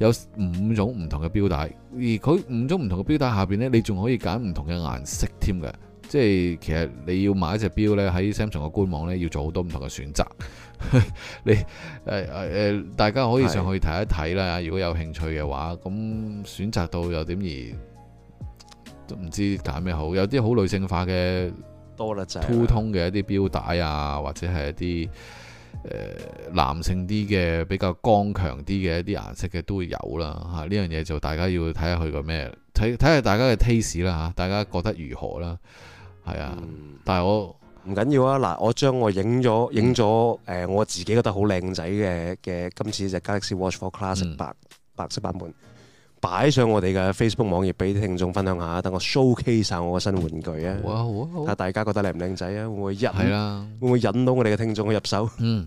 有五種唔同嘅表帶，而佢五種唔同嘅表帶下邊呢，你仲可以揀唔同嘅顏色添嘅。即係其實你要買一隻表呢，喺 Samsung 嘅官網呢，要做好多唔同嘅選擇。 你誒誒、呃呃呃、大家可以上去睇一睇啦。是如果有興趣嘅話，咁選擇到又點而都唔知揀咩好。有啲好女性化嘅，多啦就，普通嘅一啲表帶啊，或者係一啲。誒、呃，男性啲嘅比較剛強啲嘅一啲顏色嘅都會有啦吓，呢、啊、樣嘢就大家要睇下佢個咩，睇睇下大家嘅 taste 啦吓、啊，大家覺得如何啦？係啊，嗯、但係我唔緊要啊，嗱，我將我影咗影咗誒，我自己覺得好靚仔嘅嘅，今次隻 Galaxy Watch 4 Classic、嗯白白色版本。擺上我哋嘅 Facebook 網頁俾啲聽眾分享下，等我 showcase 曬我個新玩具啊！哇，好啊！好啊好啊，睇睇大家覺得靚唔靚仔會會啊？會唔會引？係啦，會唔會引到我哋嘅聽眾去入手？嗯，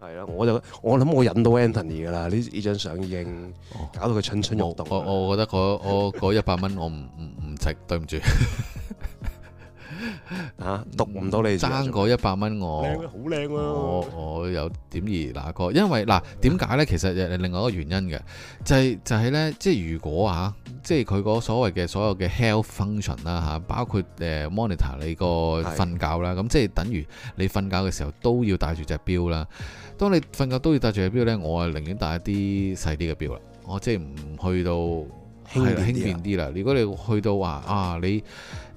係咯， 我就我諗我引到 Anthony 噶啦，呢呢張相已經搞到佢蠢蠢欲動、哦。我我，我覺得嗰我一百蚊我唔唔唔值， 對唔不住。 吓、啊、讀唔到你爭過一百蚊我，好靚啊，我我有點而嗱個，因為嗱點解咧？其實另外一個原因嘅就係、是、就係、是、咧，即係如果啊，即係佢嗰所謂嘅所有嘅 health function 啦、啊、吓，包括誒、呃、monitor 你個瞓覺啦，咁是的 即係等於你瞓覺嘅時候都要戴住隻表啦。當你瞓覺都要戴住隻表咧，我啊寧願戴一啲細啲嘅表啦，我即係唔去到係輕便啲啦、啊。如果你去到話啊你。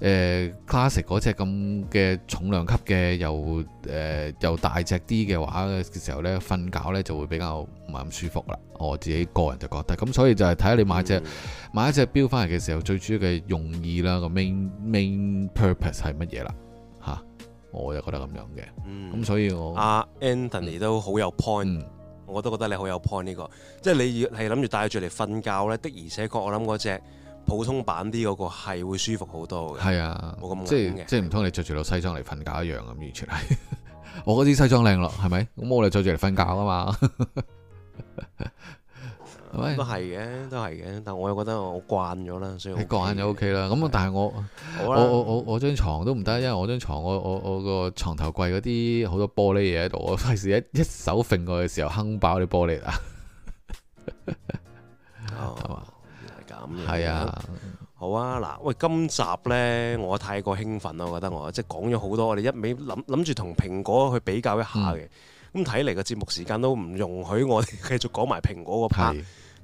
誒、呃、classic 嗰隻咁嘅重量級嘅，又誒、呃、又大隻啲嘅話嘅時候咧，瞓覺咧就會比較唔咁舒服啦。我自己個人就覺得，咁所以就係睇下你買隻買一隻表翻嚟嘅時候，最主要嘅用意啦，個 main main purpose 係乜嘢啦？嚇，我就覺得咁樣嘅，咁、嗯、所以我阿 Anthony、嗯、都好有 point、嗯、我都覺得你好有 point 呢、這個，即、就、係、是、你係諗住帶住嚟瞓覺咧的，而且確我諗嗰隻。普通版啲嗰個係會舒服好多嘅，係啊，冇咁攣嘅，即係唔通你着住套西裝嚟瞓覺一樣咁完全係。 我嗰啲西裝靚咯，係咪？咁我哋着住嚟瞓覺啊嘛。都係嘅，都係嘅。但我又覺得我，我慣咗啦，所以、OK、慣就 OK 啦。咁的但係我我我我我張床都唔得，因為我張床我我我個床頭櫃嗰啲好多玻璃嘢喺度，我費事一一手揈過嘅時候，哼爆啲玻璃啊。啊。 Oh. 係、嗯、啊，好啊，嗱，喂，今集呢，我太過興奮咯，我覺得我即係講咗好多，我哋一味諗諗住同蘋果去比較一下嘅，咁睇嚟個節目時間都唔容許我哋繼續講埋蘋果個 part，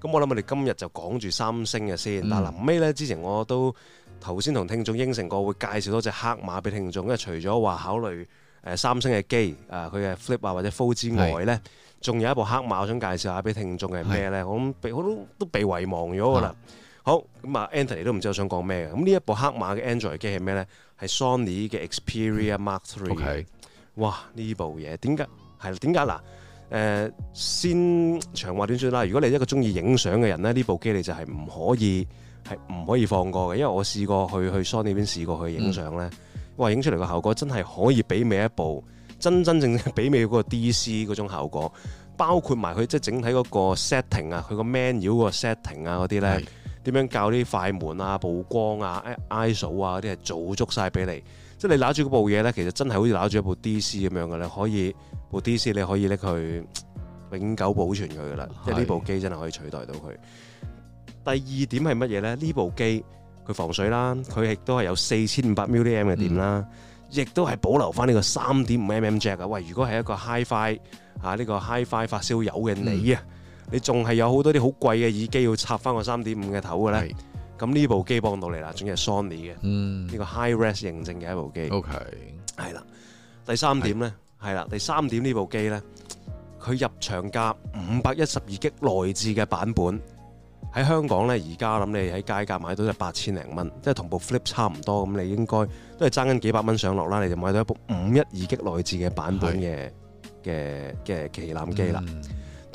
咁我諗我哋今日就講住三星嘅先。嗱、嗯，臨尾呢，之前我都頭先同聽眾應承過會介紹多隻黑馬俾聽眾，因為除咗話考慮誒三星嘅機啊，佢嘅 Flip 啊或者 Fold 之外呢，仲是有一部黑馬我想介紹下俾聽眾係咩呢？是是我咁被我都都被遺忘咗噶啦。好，咁啊，Anthony 都唔知我想講咩嘅。咁呢一部黑馬嘅 Android 機係咩咧？係 Sony 嘅 Xperia Mark Three。Okay. 哇！呢部嘢點解係點解嗱？誒、呃，先長話短說啦。如果你一個中意影相嘅人咧，呢部機你就係唔可以係唔可以放過嘅。因為我試過去去 Sony 邊試過去影相咧，嗯、哇！影出嚟個效果真係可以媲美一部真真正正媲美嗰個 DC 嗰種效果，包括埋佢即係整體嗰個 setting 啊 set，佢個 manual 個 setting 啊嗰啲咧。點樣教啲快門啊、曝光啊、I ISO 啊嗰啲係做足晒俾你，即係你攞住部嘢咧，其實真係好似攞住一部 DC 咁樣嘅咧，可以部 DC 你可以拎佢永久保存佢嘅啦，即係呢部機真係可以取代到佢。第二點係乜嘢咧？呢部機佢防水啦，佢亦都係有四千五百 mAh 嘅電啦，亦都係保留翻呢個三點五 mm jack。喂，如果係一個 Hi-Fi 啊呢個 Hi-Fi 發燒友嘅你啊！這個你仲係有好多啲好貴嘅耳機要插翻個三點五嘅頭嘅咧？咁呢是部機幫到你啦，總之係 Sony 嘅，呢、嗯、個 High Res 認證嘅一部機。OK，係啦。第三點咧，係啦。第三點呢的三點部機咧，佢入場價五百一十二激內置嘅版本喺香港咧，而家諗你喺街價買到就八千零蚊，即係同部 Flip 差唔多。咁你應該都係爭緊幾百蚊上落啦，你就買到一部五一二激內置嘅版本嘅嘅嘅旗艦機啦。嗯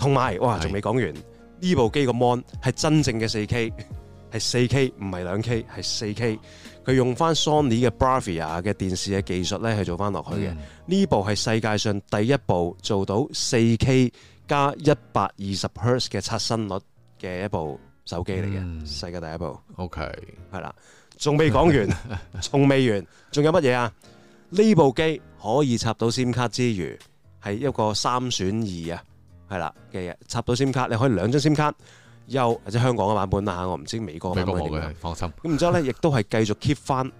同埋，哇，仲未講完呢是部機個 mon 係真正嘅四 K 係四 K，唔係兩 K 係四 K。佢用翻 Sony 嘅 Bravia 嘅電視嘅技術咧，係做翻落去嘅。呢部係世界上第一部做到四 K 加一百二十 Hertz 嘅刷新率嘅一部手機嚟嘅，嗯、世界第一部。OK，係啦，仲未講完，仲未 完，仲有乜嘢啊？呢部機可以插到 SIM 卡之餘，係一個三選二啊！係啦，嘅插到 SIM 卡，你可以兩張 SIM 卡，又或者香港嘅版本啦嚇，我唔知美國版本。美國有嘅，放心。咁然之後咧，亦都係繼續 keep 翻，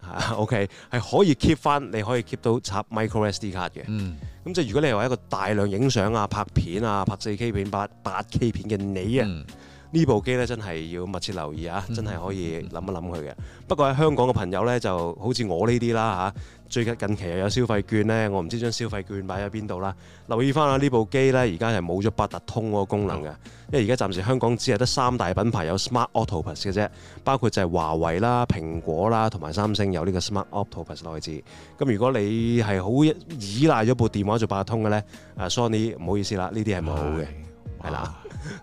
嚇 OK，係可以 keep 翻，你可以 keep 到插 micro SD 卡嘅。咁、嗯、即係如果你係話一個大量影相啊、拍片啊、拍四 K 片、八八 K 片嘅你啊，嗯、部機呢部機咧真係要密切留意啊，真係可以諗一諗佢嘅。嗯、不過喺香港嘅朋友咧，就好似我呢啲啦嚇。最近期又有消費券呢，我唔知將消費券擺喺邊度啦。留意翻啦，呢部機呢，而家係冇咗八達通嗰個功能嘅，嗯、因為而家暫時香港只有得三大品牌有 Smart Octopus 嘅啫，包括就係華為啦、蘋果啦同埋三星有呢個 Smart Octopus 內置。咁、嗯、如果你係好依賴咗部電話做八達通嘅呢、啊、Sony 唔好意思啦，呢啲係冇嘅，係啦，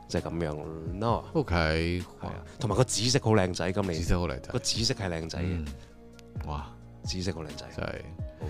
即係咁樣。No，OK，同埋個紫色好靚仔，今年紫個紫色係靚仔嘅。哇！紫色好靚仔，真冇的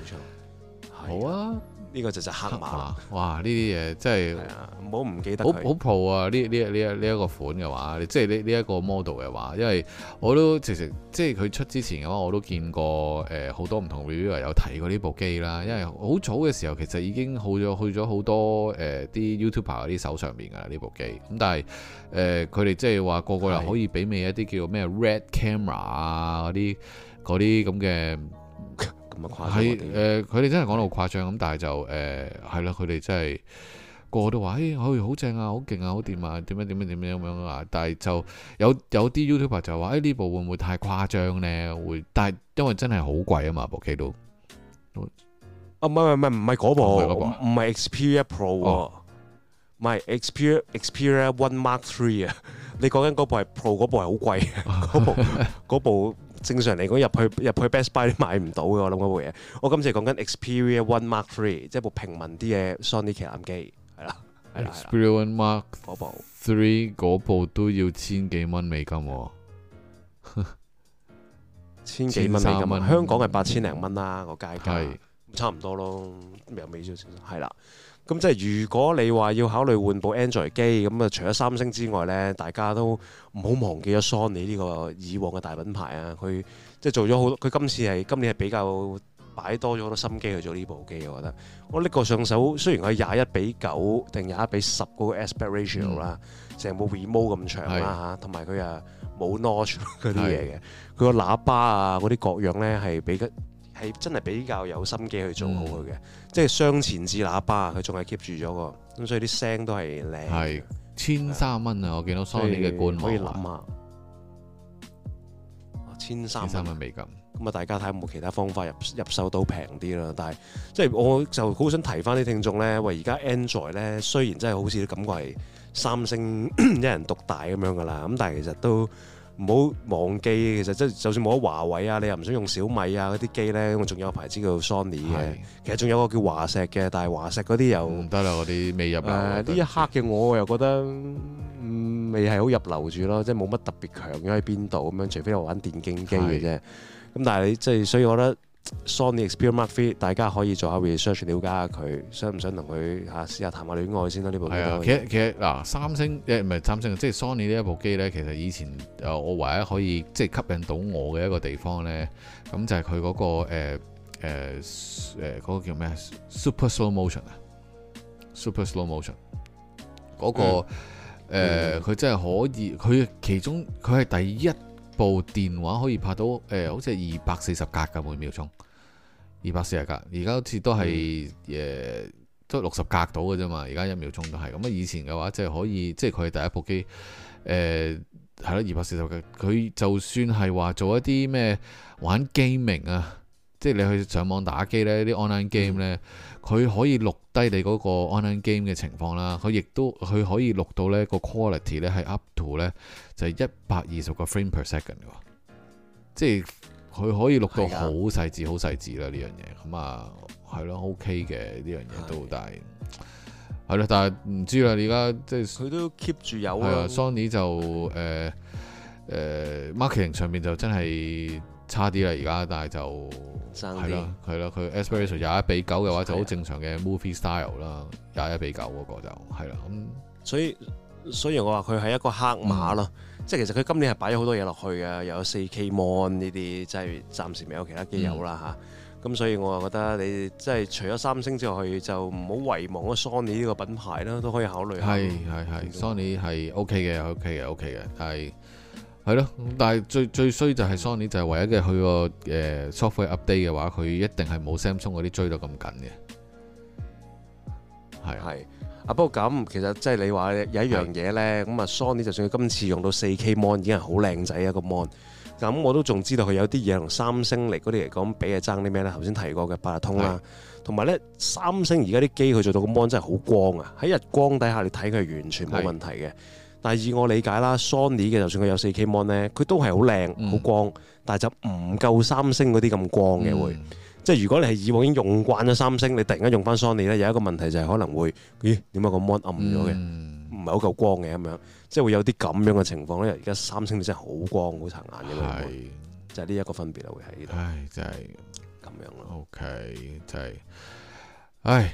錯，好啊的！呢個就就黑馬黑馬，哇！呢啲嘢真係，唔好唔記得，好好 pro 啊！呢呢呢一呢一個款嘅話，的即係呢呢一個 model 嘅話，因為我都直直即係佢出之前嘅話，我都見過誒好、呃、多唔同 Viu 有提過呢部機啦。因為好早嘅時候其實已經好咗去咗好多誒啲、呃、YouTuber 啲手上面噶啦呢部機。咁但係誒佢哋即係話個個又可以媲美一啲叫咩 Red Camera 啊啲嗰啲咁嘅。係誒，佢哋是、呃、真係講到好誇張咁，但係就誒係啦，佢哋真係個個都話誒，哎好正啊，好勁啊，好掂啊，點樣點樣點樣咁樣啊！但係就有有啲 YouTuber 就話誒呢部會唔會太誇張咧？會，但係因為真係好貴啊嘛，部機都啊唔係唔係唔係嗰部，唔係 Xperia Pro，唔係 Xperia Xperia One Mark Three 啊！你講緊嗰部係 Pro，嗰部係好貴，部部。正常嚟講，入去入去 Best Buy 都買唔到嘅，我諗嗰部嘢。我今次講緊 Xperia One Mark Three，即係部平民啲嘅 Sony 旗艦機，係啦，係啦。Xperia One Mark 嗰部 Three 嗰部都要千幾蚊美金、啊， 千幾蚊美金、啊，香港係八千零蚊啦，個街價，是差唔多咯，未有美少少，係啦。咁即係如果你話要考慮換部 Android 機，咁啊除咗三星之外咧，大家都唔好忘記咗 Sony 呢個以往嘅大品牌啊。佢即係做咗好多，佢今次係今年係比較擺多咗好多心機去做呢部機，我覺得。我搦個上手，雖然係廿一比九定廿一比十嗰個 aspect ratio 啦、嗯，成部 remote 咁長啦嚇，同埋佢啊冇 Notch 啲嘢嘅，佢個是喇叭啊啲各樣咧係比較。係真係比較有心機去做好佢嘅，嗯、即係雙前置喇叭，佢仲係 keep 住咗個，咁所以啲聲都係靚。係千三蚊啊！1, 的我見到三年嘅冠，可以諗下，千三蚊美金咁。咁啊 1,、嗯，大家睇下有冇其他方法入入手都平啲啦？但係即係我就好想提翻啲聽眾咧，喂，而家 Android 咧，雖然真係好似感覺係三星 一人獨大咁樣噶啦，咁但係其實都。唔好忘記，其實即係就算冇得華為啊，你又唔想用小米啊嗰啲機咧，我仲有牌子叫 Sony 嘅，的其實仲有個叫華碩嘅，但係華碩嗰啲又唔得啦，嗰啲、嗯、未入啊。呢、呃、一刻嘅我又覺得，嗯、未係好入流住咯，即係冇乜特別強咗喺邊度咁樣，除非我玩電競機嘅啫。咁的但係你即係，所以我覺得。Sony Xperia Mark 3，大家可以做下 research 了解下佢，想唔想同佢嚇試下談下戀愛先啦？呢部係啊，其實其實嗱，三星誒唔係三星，即係 Sony 呢一部機咧，其實以前誒我唯一可以即係吸引到我嘅一個地方咧，咁就係佢嗰個誒誒誒嗰個叫咩 Super Slow Motion 啊，Super Slow Motion 嗰個誒佢真係可以，佢其中佢係第一部電話可以拍到，誒、呃，好似係二百四十格嘅每秒鐘，二百四十格。而家好似都係，誒、呃，都六十格到嘅啫嘛。而家一秒鐘都係咁啊。以前嘅話，即係可以，即係佢係第一部機，誒、呃，係咯，二百四十格。佢就算係話做一啲咩玩 gaming 啊。即係你去上網打機呢啲 online game 呢，佢、嗯、可以錄低你嗰個 online game 嘅情況啦。佢亦都佢可以錄到呢個 quality 呢，係 up to 呢，就係一百二十個 frame per second 嘅，即係佢可以錄到好細緻、好的細緻啦呢樣嘢。咁啊係咯，OK 嘅呢的樣嘢都，但係係咯，但係唔知啦。而家即係佢都 keep 住有啊。Sony 就誒誒 marketing 上面就真係。差啲啦，而家但係就係咯，係咯點，佢 Expectation 廿一比九嘅話就好正常嘅 Movie Style 啦的，廿一比九嗰個就係啦、嗯。所以所以我話佢係一個黑馬咯，嗯、即係其實佢今年係擺咗好多嘢落去嘅，有四 K Mon 呢啲，即、就、係、是、暫時未有其他機有啦嚇。咁、嗯啊、所以我話覺得你即係除咗三星之外，就唔好遺忘 Sony 呢個品牌啦，都可以考慮下。係係 Sony 係 OK 嘅，OK 嘅，OK 嘅，係、OK。但係咯，但係最最衰就係 Sony 就係唯一嘅，佢個誒 software update 嘅話，佢一定係冇 Samsung 嗰啲追到咁緊嘅。係係，啊不過咁其實即係你話有一樣嘢咧，咁啊 Sony 就算佢今次用到四 K mon 已經係好靚仔啊個 mon，咁我都仲知道佢有啲嘢同三星嚟嗰啲嚟講比係爭啲咩咧？頭先提過嘅八達通啦，同埋咧三星而家啲機佢做到個 mon 真係好光啊！喺日光底下你睇佢係完全冇問題嘅。但係以我理解啦，Sony 嘅就算佢有 4K Mon 咧，佢都係好靚好光，但係就唔夠三星嗰啲咁光嘅、嗯、會。即係如果你係以往已經用慣咗三星，你突然間用翻 Sony 咧，有一個問題就係可能會，咦點解個 Mon 暗咗嘅？唔係好夠光嘅咁樣，即係會有啲咁樣嘅情況咧。而家三星真係好光好殘眼嘅，是就係呢一個分別啦，會喺度。唉，就係咁樣咯。OK，就係，唉。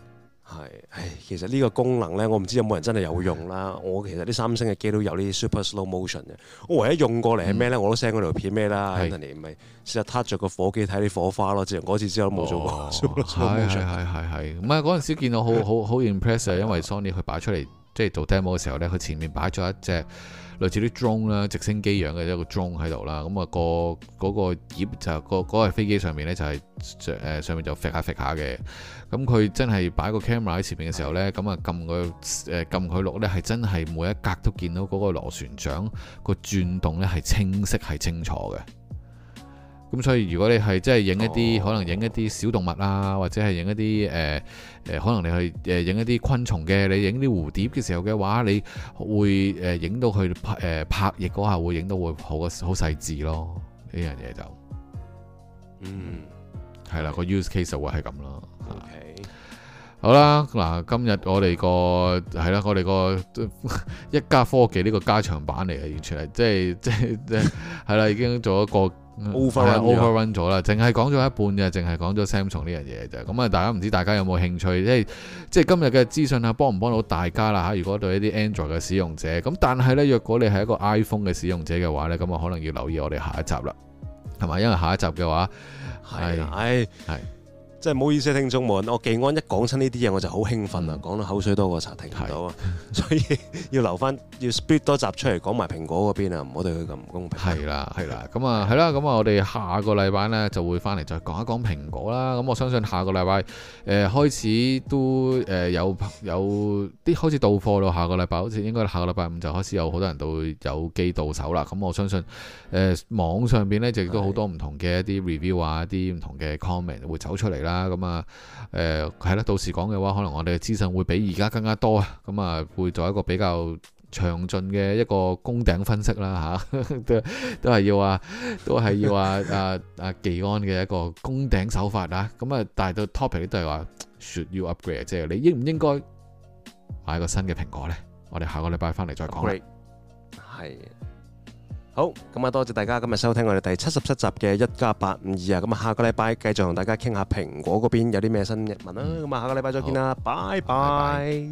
係，唉，其實呢個功能咧，我唔知有冇人真係有用啦。是我其實啲三星嘅機都有呢 super slow motion 嘅。我唯一用過嚟係咩咧？嗯、我都 send 嗰條片咩啦，跟住人哋咪試下撻着個火機睇啲火花咯。自從嗰次之後都冇咗喎。係係係係，咁啊嗰陣時見到好好好 impres sive 因為 Sony 佢擺出嚟即係做 demo 嘅時候咧，佢前面擺咗一隻。類似啲 drone 啦，直升機樣嘅一個 drone 喺度啦，咁啊個嗰個葉就個嗰個飛機上面咧就係上誒上面就揈下揈下嘅。咁佢真係擺個 camera 喺前面嘅時候咧，咁啊撳佢誒撳佢錄咧，係真係每一格都見到嗰個螺旋槳個轉動咧，係清晰係清楚嘅。咁、嗯、所以如果你係真係影一啲可能影一啲小動物啊，或者係影一啲誒誒，可能你去誒影、呃、一啲昆蟲嘅，你影啲蝴蝶嘅時候嘅話，你會誒影、呃、到佢誒、呃、拍翼嗰下會影到會好好細緻咯，呢樣嘢就，嗯、mm.，係啦個 use case 就會係咁咯。OK，好啦，嗱今日我哋個係啦，我哋個 一家科技呢個加長版嚟嘅，完全係即係即係即係係啦，已經做一個。overrun 咗啦，淨係講咗一半嘅，淨係講咗 Samsung 呢樣嘢啫。咁啊，大家唔知大家有冇興趣，哎、即係即係今日嘅資訊啊，幫唔幫到大家啦嚇？如果對一啲 Android 嘅使用者，咁但係呢，若果你係一個 iPhone 嘅使用者嘅話咧，咁我可能要留意我哋下一集啦，係嘛？因為下一集嘅話係係。即係唔好意思、啊，聽眾們，我技安一講親呢啲嘢，我就好興奮啊！講到、嗯、口水多過茶，停唔到啊！是的 所以要留翻，要 split 多集出嚟講埋蘋果嗰邊啊！唔好對佢咁唔公平。係啦，係啦，咁啊，係啦， 咁啊，我哋下個禮拜咧就會翻嚟再講一講蘋果啦。咁我相信下個禮拜誒開始都誒有有啲開始到貨咯，下個禮拜好似應該下個禮拜五就開始有好多人都會有機到手啦。咁我相信誒、呃、網上邊咧就亦都好多唔同嘅一啲 review 啊，一啲唔同嘅 comment 會走出嚟啦。啊，咁啊，誒，係啦，到時講嘅話，可能我哋嘅資訊會比而家更加多啊，咁啊，會做一個比較詳盡嘅一個攻頂分析啦，吓、啊啊，都係要啊， 都係要啊，阿阿技安嘅一個攻頂手法啊，咁啊，但係到 topic 都係話，should you upgrade，即係你應唔應該買個新嘅蘋果咧？我哋下個禮拜翻嚟再講。係。好，咁啊多謝大家今日收聽我哋第七十七集嘅一家八五二啊，咁啊下個禮拜繼續同大家傾下蘋果嗰邊有啲咩新新聞啊，咁啊、嗯、下個禮拜再見啦，拜拜。